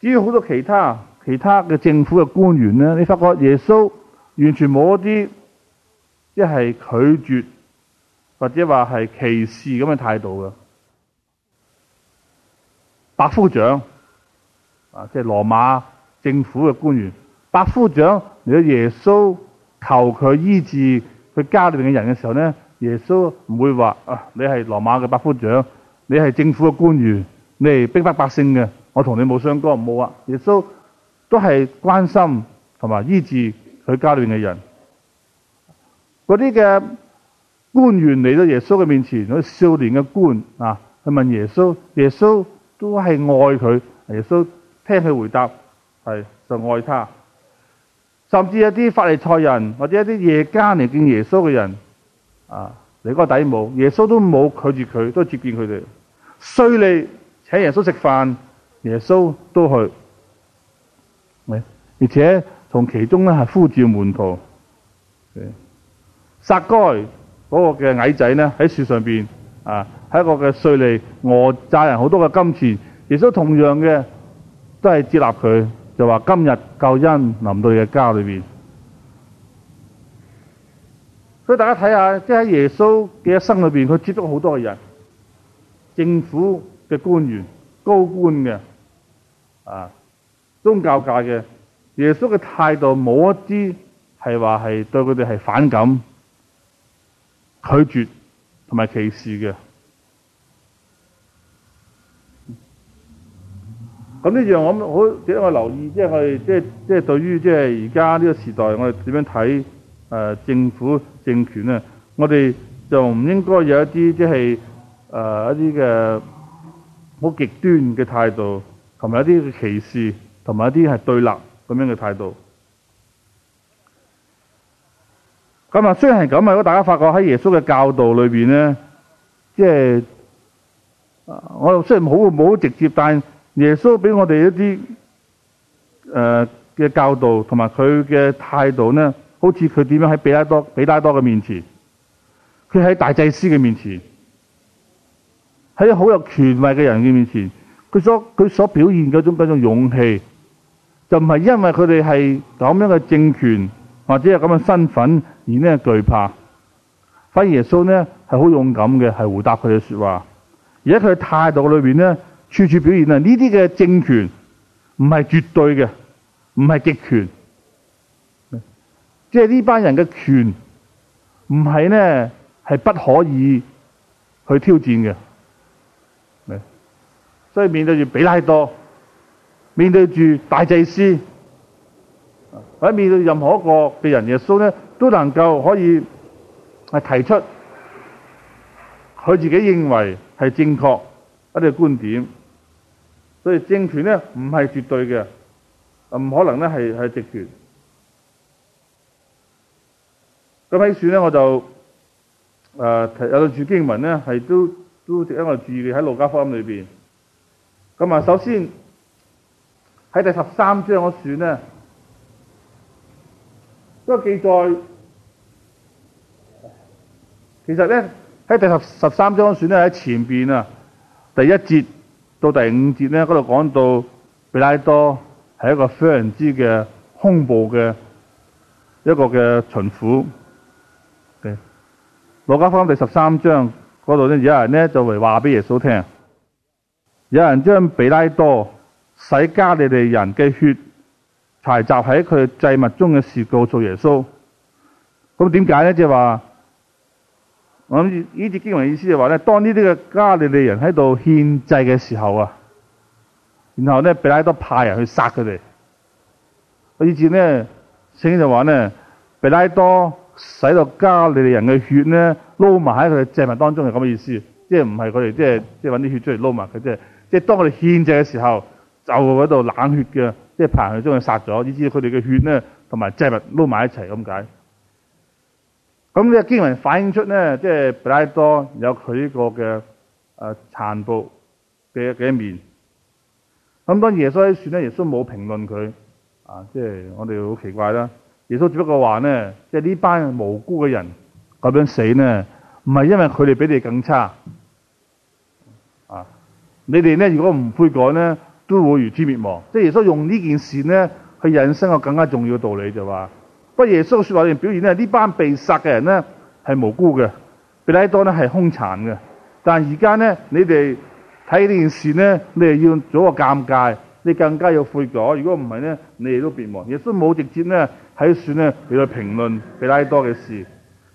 至於好多其他其他嘅政府嘅官員咧，你發覺耶穌完全冇一啲即係拒絕或者話係歧視咁嘅態度嘅。百夫長啊，即係羅馬政府嘅官員。百夫長嚟到耶穌求佢醫治佢家裏面嘅人嘅時候咧，耶穌唔會話啊，你係羅馬嘅百夫長，你係政府嘅官員，你係逼迫百姓嘅，我同你冇相干，冇啊！耶穌都係關心同埋醫治佢家裏面嘅人。嗰啲嘅官員嚟到耶穌嘅面前，嗰啲少年嘅官啊，去問耶穌，耶穌。都係愛佢。耶穌聽佢回答係就愛他，甚至一啲法利賽人或者一啲夜間嚟見耶穌嘅人，啊，尼哥底母，耶穌都冇拒絕佢，都接見佢哋。稅吏請耶穌食飯，耶穌都去，而且從其中咧係呼召門徒，撒該嗰個嘅矮仔咧喺樹上邊。啊，係一個嘅稅吏，訛詐人好多嘅金錢。耶穌同樣嘅，都係接納佢，就話今日救恩臨到佢嘅家裏邊。所以大家睇下，即係喺耶穌嘅一生裏邊，佢接觸好多嘅人，政府嘅官員、高官嘅，啊，宗教界嘅。耶穌嘅態度冇一啲係話係對佢哋係反感、拒絕同埋歧視嘅，咁呢樣我好值得我留意，即係我哋即係即係對於即係而家呢個時代，我哋點樣睇誒政府政權呢？我哋就唔應該有一啲即係誒一啲嘅好極端嘅態度，同埋一啲嘅歧視，同埋一啲係對立咁樣嘅態度。咁啊，雖然係咁啊，如果大家發覺喺耶穌嘅教導裏邊咧，即係我雖然冇冇直接，但耶穌俾我哋一啲誒嘅教導，同埋佢嘅態度咧，好似佢點樣喺彼拉多、彼拉多嘅面前，佢喺大祭司嘅面前，喺好有權威嘅人嘅面前，佢所佢所表現嗰種勇氣，就唔係因為佢哋係咁樣嘅政權或者係咁嘅身份。而呢懼怕，反而耶穌呢係好勇敢嘅，係回答佢哋說話。而喺佢嘅態度裏面呢，處處表現啊呢啲嘅政權唔係絕對嘅，唔係極權，是即係呢班人嘅權唔係呢係不可以去挑戰嘅，的所以面對住比拉多，面對住大祭司。喺面對任何一個嘅人，耶穌咧都能夠可以係提出佢自己認為係正確一啲觀點，所以政權咧唔係絕對嘅，唔可能咧係係職權。咁喺書咧我就誒、呃、有兩句經文咧係都都值得我注意嘅，喺路加福音裏邊。咁啊，首先喺第十三章我選咧。呢個記載其實呢，喺第十十三章選呢，在喺前面啊，第一節到第五節呢，嗰度講到彼拉多係一個非常之嘅恐怖嘅一個嘅巡撫。路加福音第十三章嗰度呢，那裡有人呢就會話俾耶穌聽，有人將彼拉多使加利利人嘅血。排集喺佢祭物中嘅事告，告訴耶穌。咁點解咧？即係話，我諗呢啲經文意思就話，是，咧，當呢啲嘅加利利人喺度獻祭嘅時候啊，然後咧，比拉多派人去殺佢哋。我意思咧，聖經就話咧，比拉多使到加利利人嘅血咧，撈埋喺佢嘅祭物當中，係咁嘅意思。即係唔係佢哋，即係即係搵啲血出嚟撈埋佢，即係即係當佢哋獻祭嘅時候，就喺度冷血嘅。即係派人去將佢殺咗，以至佢哋嘅血呢，同埋祭物撈埋一齊咁解。咁呢經文反映出呢，即係彼拉多有佢呢個嘅誒殘暴嘅嘅一面。咁當耶穌喺算，呢，耶穌冇評論佢啊，即係我哋好奇怪啦。耶穌只不過話呢，即係呢班無辜嘅人咁樣死呢，唔係因為佢哋比你更差啊。你哋呢，如果唔悔改呢，都會如此滅亡，即係耶穌用呢件事咧去引申個更加重要嘅道理就話：，不過，耶穌嘅説話裏面表現咧呢班被殺嘅人咧係無辜嘅，比拉多咧係兇殘嘅。但係而家咧你哋睇呢件事咧，你哋要做個尷尬，你更加要悔改。如果唔係咧，你哋都滅亡。耶穌冇直接咧喺算咧佢度評論比拉多嘅事，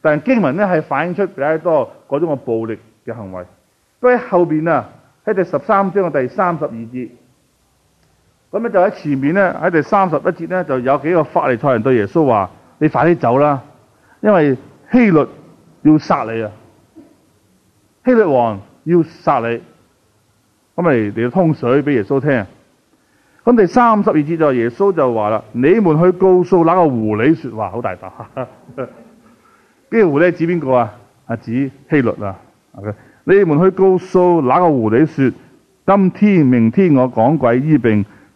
但經文咧係反映出比拉多嗰種嘅暴力嘅行為。不過喺後邊啊，喺第十三章嘅第三十二節。咁咧就喺前面咧喺第三十一節咧就有幾個法利賽人對耶穌話：，你快啲走啦，因為希律要殺你啊！希律王要殺你，咁咪你要通水俾耶穌聽。咁第三十二節就耶穌就話啦：，你們去告訴那個狐狸說話好大膽。 」呢個狐狸指邊個啊？啊指希律啊。你們去告訴那個狐狸說：，今天明天我講鬼醫病。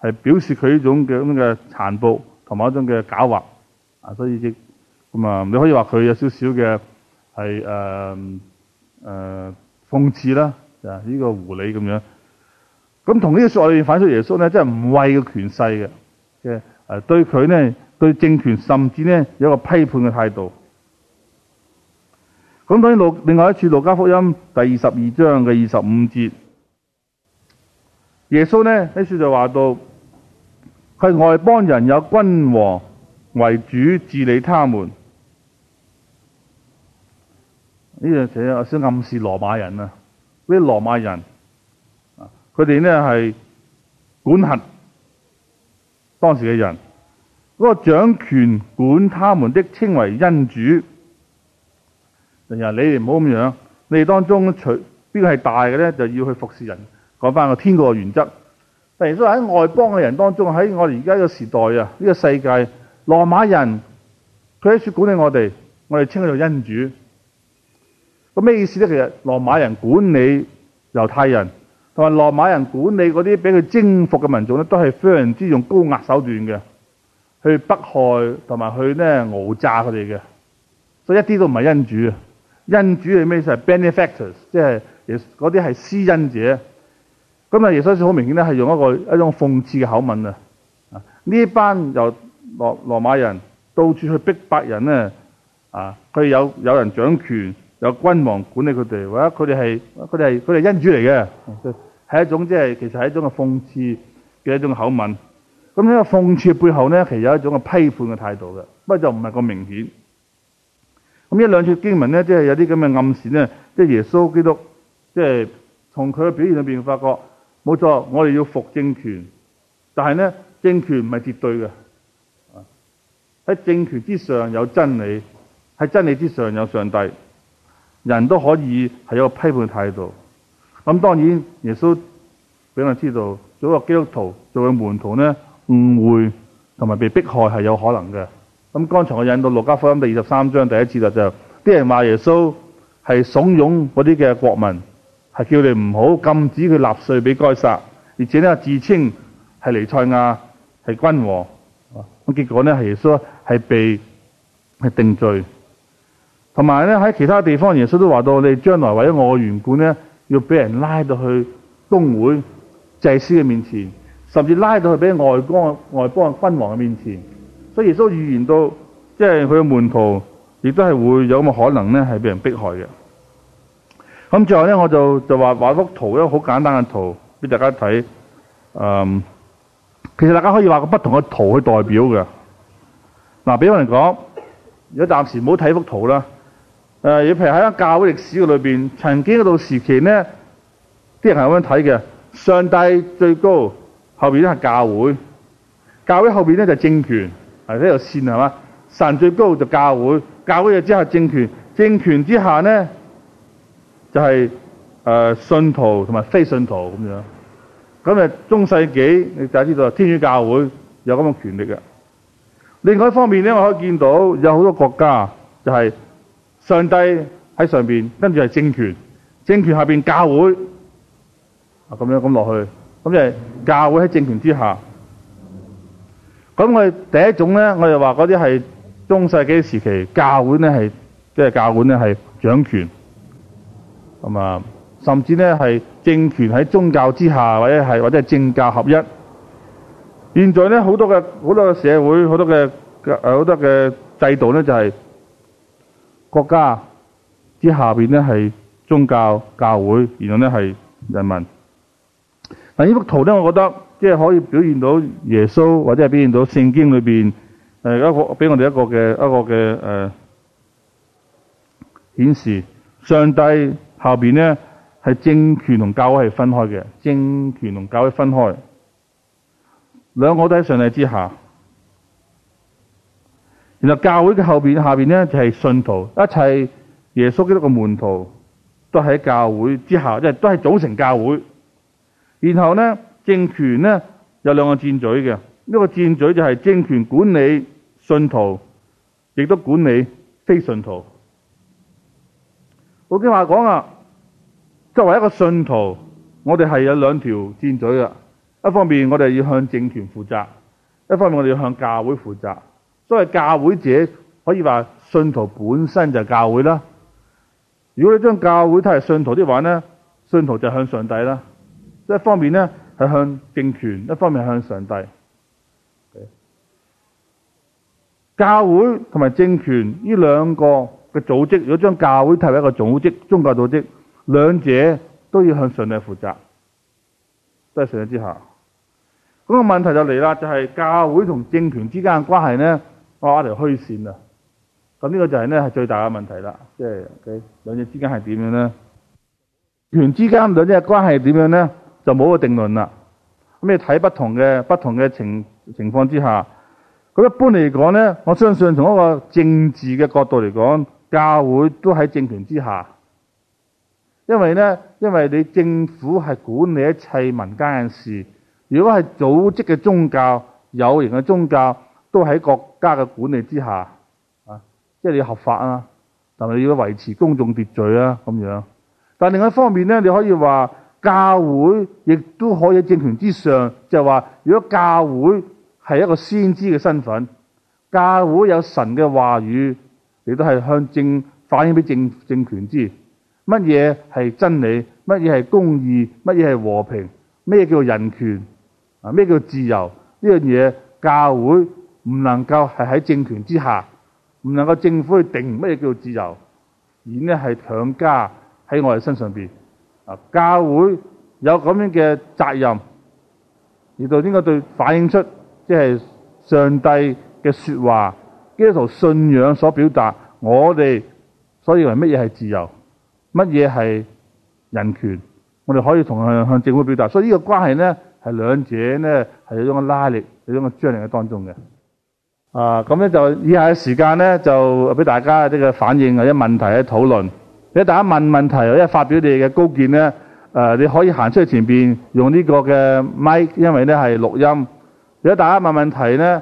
係表示佢呢種嘅咁嘅殘暴同埋一種嘅狡猾，啊，所以亦咁啊，你可以話佢有少少嘅係誒誒諷刺啦，呢個狐狸咁樣。咁同呢啲說話反出耶穌咧，真係唔畏嘅權勢嘅嘅誒，對佢咧，對政權甚至咧有一個批判嘅態度。咁喺另另外一次《路加福音》第二十二章嘅二十五節。耶穌呢喺書就話到，係外邦人有君王為主治理他們，呢樣寫我想暗示羅馬人啊，啲羅馬人，佢哋呢係管轄當時嘅人，嗰、那個掌權管他們的稱為恩主，人啊，你哋唔好咁樣，你哋當中除邊個係大嘅呢？就要去服侍人。講翻個天國嘅原則，突然之喺外邦嘅人當中，喺我哋而家嘅時代啊，呢、這個世界羅馬人佢喺處管理我哋，我哋稱佢做恩主。咁咩意思咧？其實羅馬人管理猶太人，同埋羅馬人管理嗰啲俾佢征服嘅民族咧，都係非常之用高壓手段嘅，去迫害同埋去咧訛詐佢哋嘅。所以一啲都唔係恩主啊！恩主係咩？就係 benefactors，即係嗰啲係施恩者。咁啊！耶穌好好明顯咧，係用一個一種諷刺嘅口吻啊！啊，呢班由羅羅馬人到處去逼迫人咧，啊，佢有有人掌權，有君王管理佢哋，或者佢哋係佢哋係佢哋恩主嚟嘅，係、啊、一種即係其實係一種嘅諷刺嘅一種口吻。咁呢個諷刺背後咧，其實有一種嘅批判嘅態度嘅，不過就唔係咁明顯。咁呢兩處經文咧，即、就、係、是、有啲咁嘅暗示咧，即、就、係、是、耶穌基督即係、就是、從佢嘅表現裏邊發覺。冇錯，我哋要服政權，但係咧政權唔係絕對嘅。喺政權之上有真理，喺真理之上有上帝。人都可以係一個批判態度。咁當然耶穌俾人知道，做個基督徒做個門徒咧，誤會同埋被迫害係有可能嘅。咁剛才我引到《路加福音》第二十三章第一節就係、是，啲人話耶穌係慫恿嗰啲嘅國民。係叫你唔好禁止佢納稅俾該撒，而且咧自稱係彌賽亞，係君王。咁結果咧耶穌係被定罪，同埋咧喺其他地方耶穌都話到，你將來為咗我嘅緣故咧，要俾人拉到去公會祭司嘅面前，甚至拉到去俾外邦，外邦嘅君王嘅面前，所以耶穌預言到，即係佢嘅門徒亦都係會有咁嘅可能咧，係俾人迫害嘅。咁最後咧，我就就話畫幅圖，一個好簡單嘅圖俾大家睇、嗯。其實大家可以畫個不同嘅圖去代表嘅。嗱，比如嚟講，如果暫時唔好睇幅圖啦。誒、呃，你譬如喺教會歷史嘅裏面，曾經嗰度時期咧，啲人係咁樣睇嘅。上帝最高，後面都係教會，教會後面咧就係政權，係呢條線係嘛？神最高就教會，教會之後係政權，政權之下咧。就係、是、誒、呃，信徒同埋非信徒咁樣。咁誒，中世紀你就知道天主教會有咁嘅權力嘅。另外一方面咧，我可以見到有好多國家就係、是、上帝喺上邊，跟住係政權，政權下邊教會啊，咁樣咁落去，咁就係教會喺政權之下。咁我哋第一種咧，我就話嗰啲係中世紀時期教會咧係，即、就、係、是、教會咧係掌權。甚至咧係政權喺宗教之下，或者係或者係政教合一。現在咧好多嘅好多嘅社會，好多嘅誒好多嘅制度咧就係、是、國家之下邊咧係宗教教會，然後咧係人民。嗱呢幅圖咧，我覺得即係、就是、可以表現到耶穌，或者係表現到聖經裏邊誒、呃、一個俾我哋一個嘅一個嘅誒顯示上帝。後邊呢係政權同教會係分開嘅，政權同教會分開，兩個都喺上帝之下。然後教會嘅後邊下邊呢就係信徒，一切耶穌基督嘅門徒都喺教會之下，即係都係組成教會。然後呢，政權呢，有兩個箭嘴嘅，呢個箭嘴就係政權管理信徒，亦都管理非信徒。普京話講啊，作為一個信徒，我哋係有兩條戰嘴嘅。一方面我哋要向政權負責，一方面我哋要向教會負責。所謂教會者，可以話，信徒本身就係教會啦。如果你將教會睇係信徒啲話咧，信徒就係向上帝啦。一方面咧係向政權，一方面向上帝。教會同埋政權呢兩個個組織，如果將教會提為一個組織，宗教組織，兩者都要向上帝負責，都係上帝之下。咁、那個問題就嚟啦，就係、是、教會同政權之間嘅關係咧，畫一條虛線啊。咁呢個就係咧，係最大嘅問題啦。即係佢兩者之間係點樣咧？權之間兩者嘅關係點樣咧？就冇個定論啦。咁你睇不同嘅不同嘅情情況之下。咁一般嚟講咧，我相信從一個政治嘅角度嚟講。教會都喺政權之下，因為咧，因為你政府係管理一切民間嘅事。如果係組織嘅宗教，有形嘅宗教，都喺國家嘅管理之下，啊，即係你合法啊，但係你要維持公眾秩序啊，咁樣。但係另一方面咧，你可以話教會亦都可以喺政權之上，就係話如果教會係一個先知嘅身份，教會有神嘅話語。亦都係向政反映俾政政權知，乜嘢係真理，乜嘢係公義，乜嘢係和平，咩叫人權，啊，咩叫自由呢樣嘢？教會唔能夠係喺政權之下，唔能夠政府去定乜嘢叫做自由，而呢係強加喺我哋身上邊。啊，教會有咁樣嘅責任，而到應該對反映出，即係上帝嘅說話。基督徒信仰所表達，我哋所以為乜嘢係自由，乜嘢係人權，我哋可以同向政府表達。所以呢個關係咧，係兩者咧係一種嘅拉力，有一種嘅張力喺當中嘅。啊，咁咧就以下嘅時間咧，就俾大家啲嘅反應或者問題喺討論。如果大家問問題或者發表你哋嘅高見咧，誒、呃，你可以行出去前邊，用呢個嘅麥，因為咧係錄音。如果大家問問題咧，誒、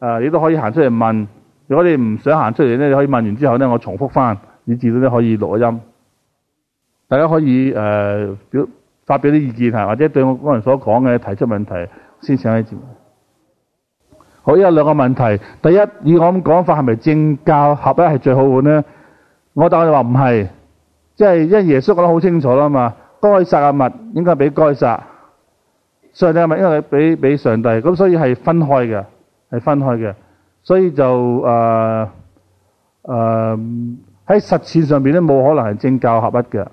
呃，你都可以行出嚟問。如果你唔想行出嚟咧，你可以問完之後咧，我重複翻，以至到咧可以錄音。大家可以誒、呃、表發表啲意見或者對我個人所講嘅提出問題，先上起節目。好，有兩個問題。第一，以我咁講法，係咪政教合一係最好款呢？我當時話唔係，即係因為耶穌講得好清楚啦嘛，該撒嘅物應該俾該撒，上帝嘅物應該俾俾上帝，咁所以係分開嘅，係分開嘅。所以就誒誒喺實踐上面咧冇可能係政教合一嘅。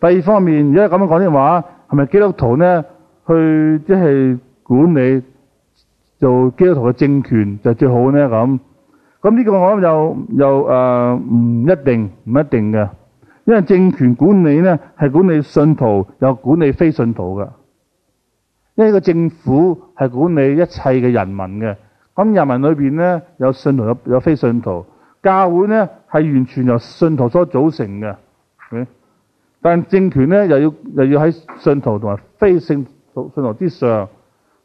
第二方面，如果咁樣講嘅話，係咪基督徒咧去即係管理做基督徒嘅政權就最好咧咁？咁呢個我諗又又誒唔一定唔一定嘅，因為政權管理咧係管理信徒又管理非信徒嘅，因為個政府係管理一切嘅人民嘅。咁人民裏邊咧有信徒，有有非信徒，教會咧係完全由信徒所組成嘅，但政權咧又要又要喺信徒同埋非信徒信徒之上，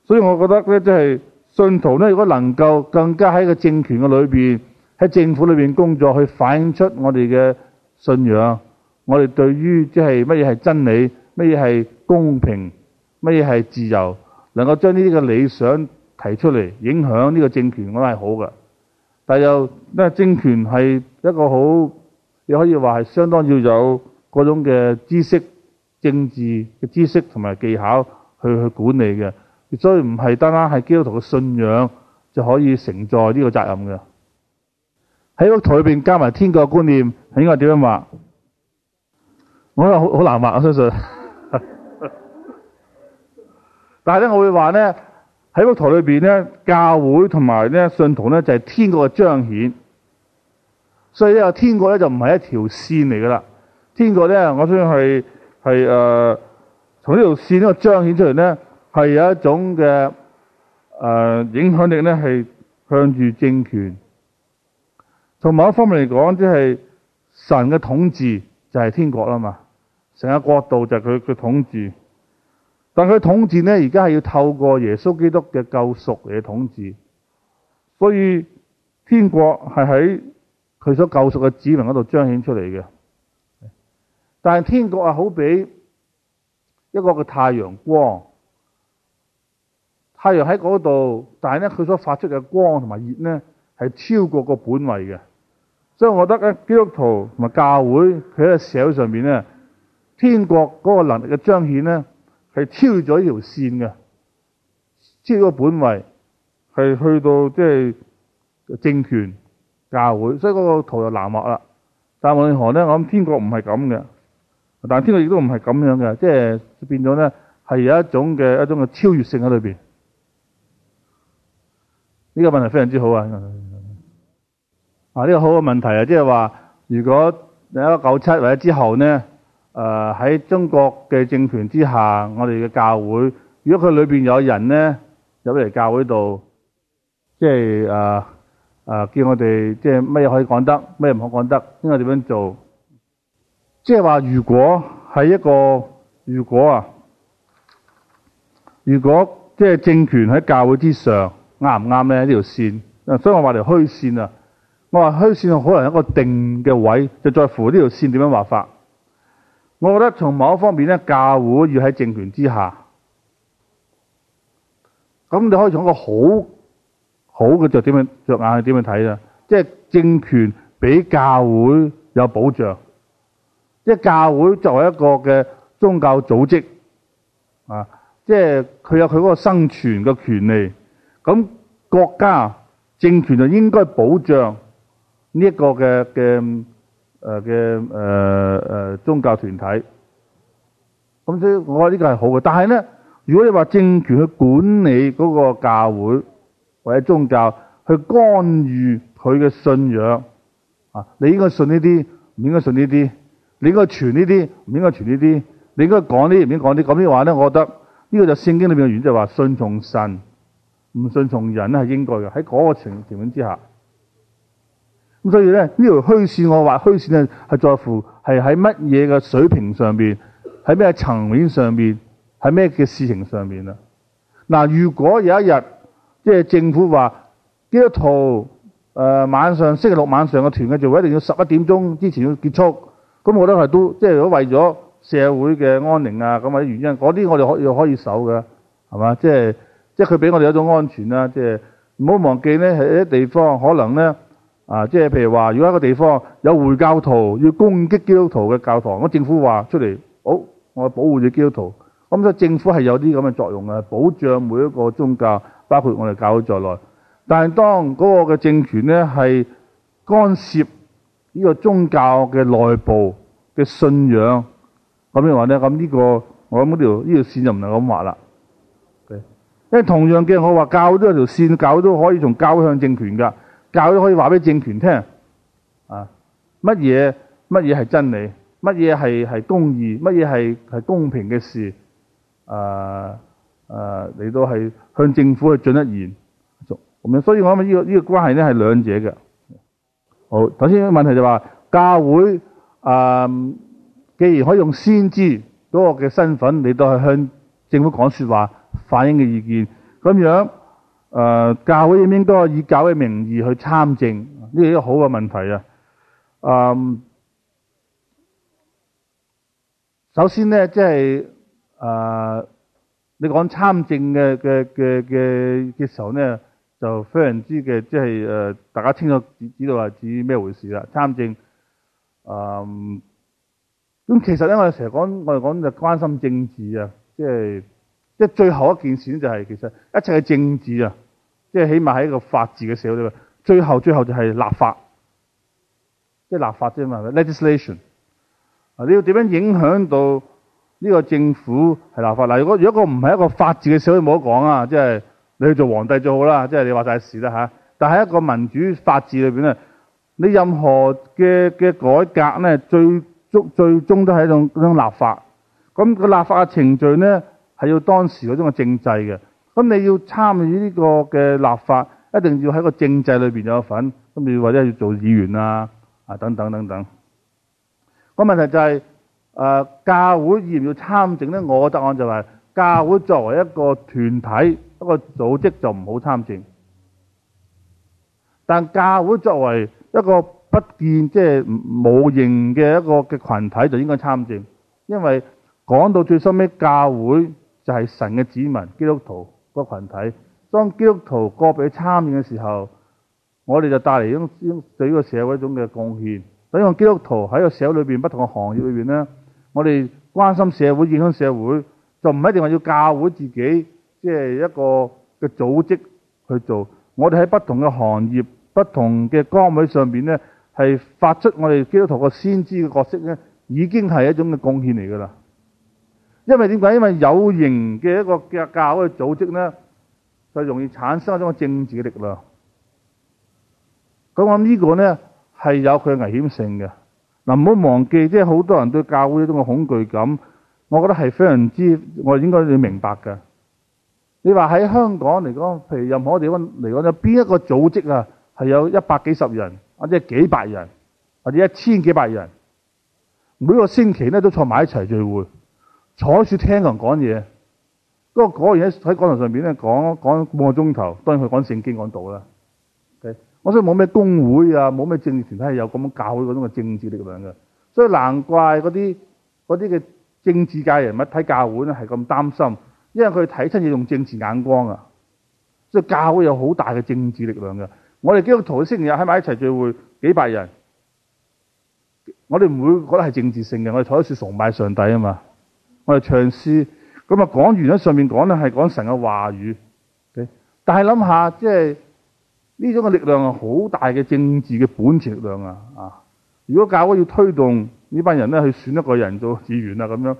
所以我覺得咧即係信徒咧如果能夠更加喺個政權嘅裏邊喺政府裏邊工作，去反映出我哋嘅信仰，我哋對於即係乜嘢係真理，乜嘢係公平，乜嘢係自由，能夠將呢啲嘅理想。提出嚟影響呢個政權，我都係好嘅。但又因為政權係一個好，你可以話係相當要有各種嘅知識、政治嘅知識同埋技巧去去管理嘅。所以唔係單單係基督徒嘅信仰就可以承載呢個責任嘅。喺個台面加埋天國嘅觀念，係應該點樣話？我覺得好好難話，我相信。 但係咧，我會話咧。喺個圖裏邊咧，教會同埋咧信徒咧就係天國嘅彰顯，所以這個天國咧就唔係一條線嚟噶啦。天國咧，我相信係誒，從呢條線呢個彰顯出嚟咧，係有一種嘅誒、呃、影響力咧，係向住政權。從某一方面嚟講，即、就、係、是、神嘅統治就係天國啦嘛，成個國度就係佢嘅統治。但佢統治咧，而家係要透過耶穌基督嘅救贖嚟統治，所以天國係喺佢所救贖嘅子民嗰度彰顯出嚟嘅。但係天國啊，好比一個嘅太陽光，太陽喺嗰度，但係咧佢所發出嘅光同埋熱咧，係超過個本位嘅。所以我覺得咧，基督徒同埋教會佢喺社會上面咧，天國嗰個能力嘅彰顯咧，係超越咗一條線嘅，超越個本位，係去到即係政權、教會，所以嗰個圖就難畫喇。但王定河呢，我諗天國唔係咁嘅，但天國亦都唔係咁樣嘅，即係變咗呢，係有一種嘅一種嘅超越性喺裏面。呢、這個問題非常之好啊、嗯！啊，呢、這個好嘅問題啊，即係話如果一九九七或者之後呢。誒喺、呃、中國嘅政權之下，我哋嘅教會，如果佢裏面有人咧入嚟教會度，即係誒誒，叫我哋即係咩嘢可以講得，咩嘢唔可講得，應該點樣做？即係話，如果喺一個，如果啊，如果即係政權喺教會之上，啱唔啱咧？呢條線對對，所以我話條虛線啊，我話虛線可能一個定嘅位，就在乎呢條線點樣畫法。我覺得從某一方面咧，教會要喺政權之下，咁你可以從一個好好嘅著點樣着眼去點樣睇啊！即係政權俾教會有保障，即係教會作為一個嘅宗教組織啊，即係佢有佢個生存嘅權利。咁國家政權就應該保障呢一個嘅嘅。誒嘅誒誒宗教團體，咁所以我話呢個係好嘅。但係咧，如果你話政權去管理嗰個教會或者宗教，去干預佢嘅信仰啊，你應該信呢啲，唔應該信呢啲；你應該傳呢啲，唔應該傳呢啲；你應該講呢啲，唔應該講呢啲。咁啲話咧，我覺得呢、呢個就聖經裏邊嘅原則，話信從神，唔信從人係應該嘅。喺嗰個情況之下。咁所以咧，呢條虛線我話虛線啊，係在乎係喺乜嘢嘅水平上邊，喺咩層面上面，喺咩嘅事情上面啊？嗱，如果有一日即係政府話呢一套誒晚上星期六晚上嘅團嘅就一定要十一點鐘之前要結束，咁我覺得係都即係如果為咗社會嘅安寧啊，咁或者原因嗰啲我哋可以可以守嘅，係嘛？即係即係佢俾我哋一種安全啦，即係唔好忘記咧，係一啲地方可能咧。啊，即係譬如話，如果一個地方有回教徒要攻擊基督徒嘅教堂，我政府話出嚟，好，哦，我保護住基督徒。咁所以政府係有啲咁嘅作用嘅，保障每一個宗教，包括我哋教會在內。但係當嗰個嘅政權咧係干涉呢個宗教嘅內部嘅信仰，咁樣話咧，咁呢，這個我諗呢條呢條線就唔能咁畫啦。因為同樣嘅，我話教都有條線，教都可以從教向政權噶。教都可以話俾政權聽，啊，乜嘢乜嘢係真理，乜嘢係係公義，乜嘢係係公平嘅事，啊都嚟到係向政府去進一言，咁樣，所以我諗呢、這個呢、這個關係咧係兩者嘅。好，頭先問題就話、是、教會啊，既然可以用先知嗰個嘅身份，嚟到係向政府講說話，反映嘅意見，咁樣。誒、呃、教會應唔應該以教會名義去參政？呢個一個好嘅問題啊！誒、嗯，首先咧，即係誒你講參政嘅嘅嘅嘅嘅時候咧，就非常之嘅，即係誒大家清楚知道係指咩回事啦。參政，誒、嗯、咁其實咧，我哋成日講，我哋講就關心政治啊，即係即係最後一件事咧、就是，就係其實一切嘅政治啊。即係起碼喺一個法治嘅社會度，最後最後就係立法，即係立法啫嘛，Legislation 啊，你要點樣影響到呢個政府係立法？嗱，如果如果個唔係一個法治嘅社會，冇得講啊！即係你去做皇帝最好啦，即係你話晒事啦嚇。但係一個民主法治裏邊咧，你任何嘅嘅改革咧，最終最終都係一種嗰種立法。咁個立法嘅程序咧，係要當時嗰種嘅政制嘅。咁你要參與呢個嘅立法，一定要喺個政制裏面有份，咁你或者要做議員啊啊等等等等。個問題就係、是、誒、呃、教會要唔要參政咧？我嘅答案就係、是、教會作為一個團體一個組織就唔好參政，但教會作為一個不見即係冇形嘅一個嘅群體，就應該參政，因為講到最深屘，教會就係神嘅子民，基督徒。個群體當基督徒個別參與嘅時候，我哋就帶嚟一種、一種對呢個社會一種嘅貢獻。等用基督徒喺個社會裏邊、不同嘅行業裏邊咧，我哋關心社會、影響社會，就唔一定話要教會自己，即係一個嘅組織去做。我哋喺不同嘅行業、不同嘅崗位上邊咧，係發出我哋基督徒個先知嘅角色咧，已經係一種嘅貢獻嚟噶啦。因為點解？因為有形嘅一個教教會組織咧，就容易產生一種政治嘅力量。咁我諗，呢個咧係有佢嘅危險性嘅。嗱，唔好忘記，即係好多人對教會有種嘅恐懼感，我覺得係非常之，我應該要明白嘅。你話喺香港嚟講，譬如任何地方嚟講，有邊一個組織啊，係有一百幾十人，或者幾百人，或者一千幾百人，每個星期咧都坐埋一齊聚會。坐喺處廳同人講嘢，嗰個講嘢喺喺講堂上邊咧講講半個鐘頭，當然佢講聖經講道啦。Okay?，我所以冇咩工會啊，冇咩政治團體係有咁樣教會嗰種嘅政治力量嘅，所以難怪嗰啲嗰啲嘅政治界人物睇教會咧係咁擔心，因為佢睇親要用政治眼光啊。所以教會有好大嘅政治力量嘅。我哋幾個徒星期日喺埋一齊聚會幾百人，我哋唔會覺得係政治性嘅，我哋坐喺處崇拜上帝啊嘛。我哋嘗試咁啊，講完喺上面講咧，係講神嘅話語。但係諗下，即係呢種嘅力量係好大嘅政治嘅本質力量啊！啊，如果教會要推動呢班人咧去選一個人做議員啊，咁樣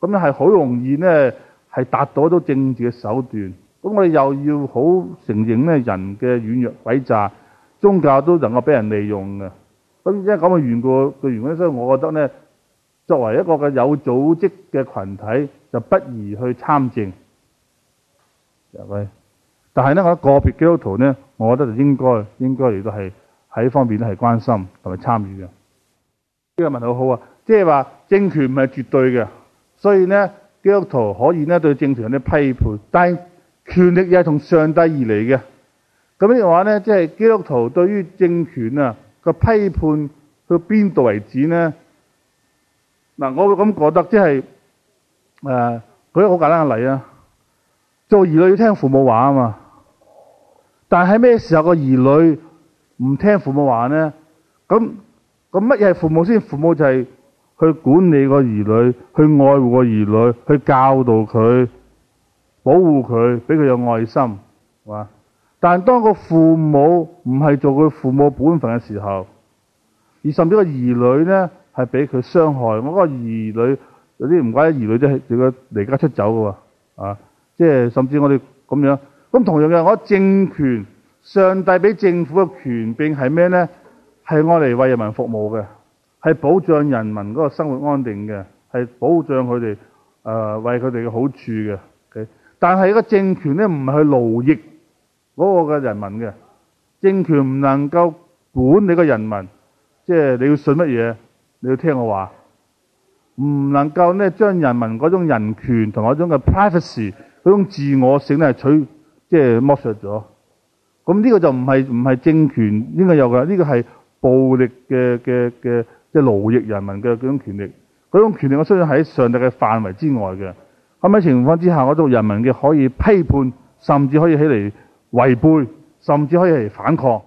咁咧係好容易咧係達到到政治嘅手段。咁我哋又要好承認咧人嘅軟弱、詭詐、宗教都能夠俾人利用嘅。咁即係咁嘅緣故嘅原因，所以我覺得咧。作為一個嘅有組織嘅群體，就不宜去參政。各位，但係咧，我覺得個別的基督徒咧，我覺得就應該應該亦都係喺方面咧係關心同埋參與嘅。呢個問題好好啊，即係話政權唔係絕對嘅，所以呢基督徒可以咧對政權有啲批判，但係權力又係從上帝而嚟嘅。咁樣嘅話呢，即係基督徒對於政權啊嘅批判，去邊度為止呢？嗱，我會咁覺得，即係誒，舉個好簡單嘅例啊，做兒女要聽父母話啊嘛。但係喺咩時候個兒女唔聽父母話咧？咁咁乜嘢係父母先？父母就係去管理個兒女，去愛護個兒女，去教導佢，保護佢，俾佢有愛心，係嘛？但係當個父母唔係做佢父母本分嘅時候，而甚至個兒女咧。係俾佢傷害，我個個兒女有啲唔怪得兒女，都係自己離家出走㗎喎啊！即係甚至我哋咁樣咁同樣嘅，我政權上帝俾政府嘅權柄係咩咧？係我哋為人民服務嘅，係保障人民嗰個生活安定嘅，係保障佢哋誒為佢哋嘅好處嘅。Okay? 但係個政權咧唔係奴役嗰個嘅人民嘅，政權唔能夠管理個人民，即係你要信乜嘢？你要聽我話，唔能夠咧將人民嗰種人權同嗰種嘅 privacy 嗰種自我性咧取即係剝削咗。咁呢個就唔係唔係政權應該有嘅，呢個係暴力嘅嘅嘅即係勞役人民嘅嗰種權力。嗰種權力我相信喺上帝嘅範圍之外嘅。喺情況之下嗰種人民嘅可以批判，甚至可以起嚟違背，甚至可以起嚟反抗。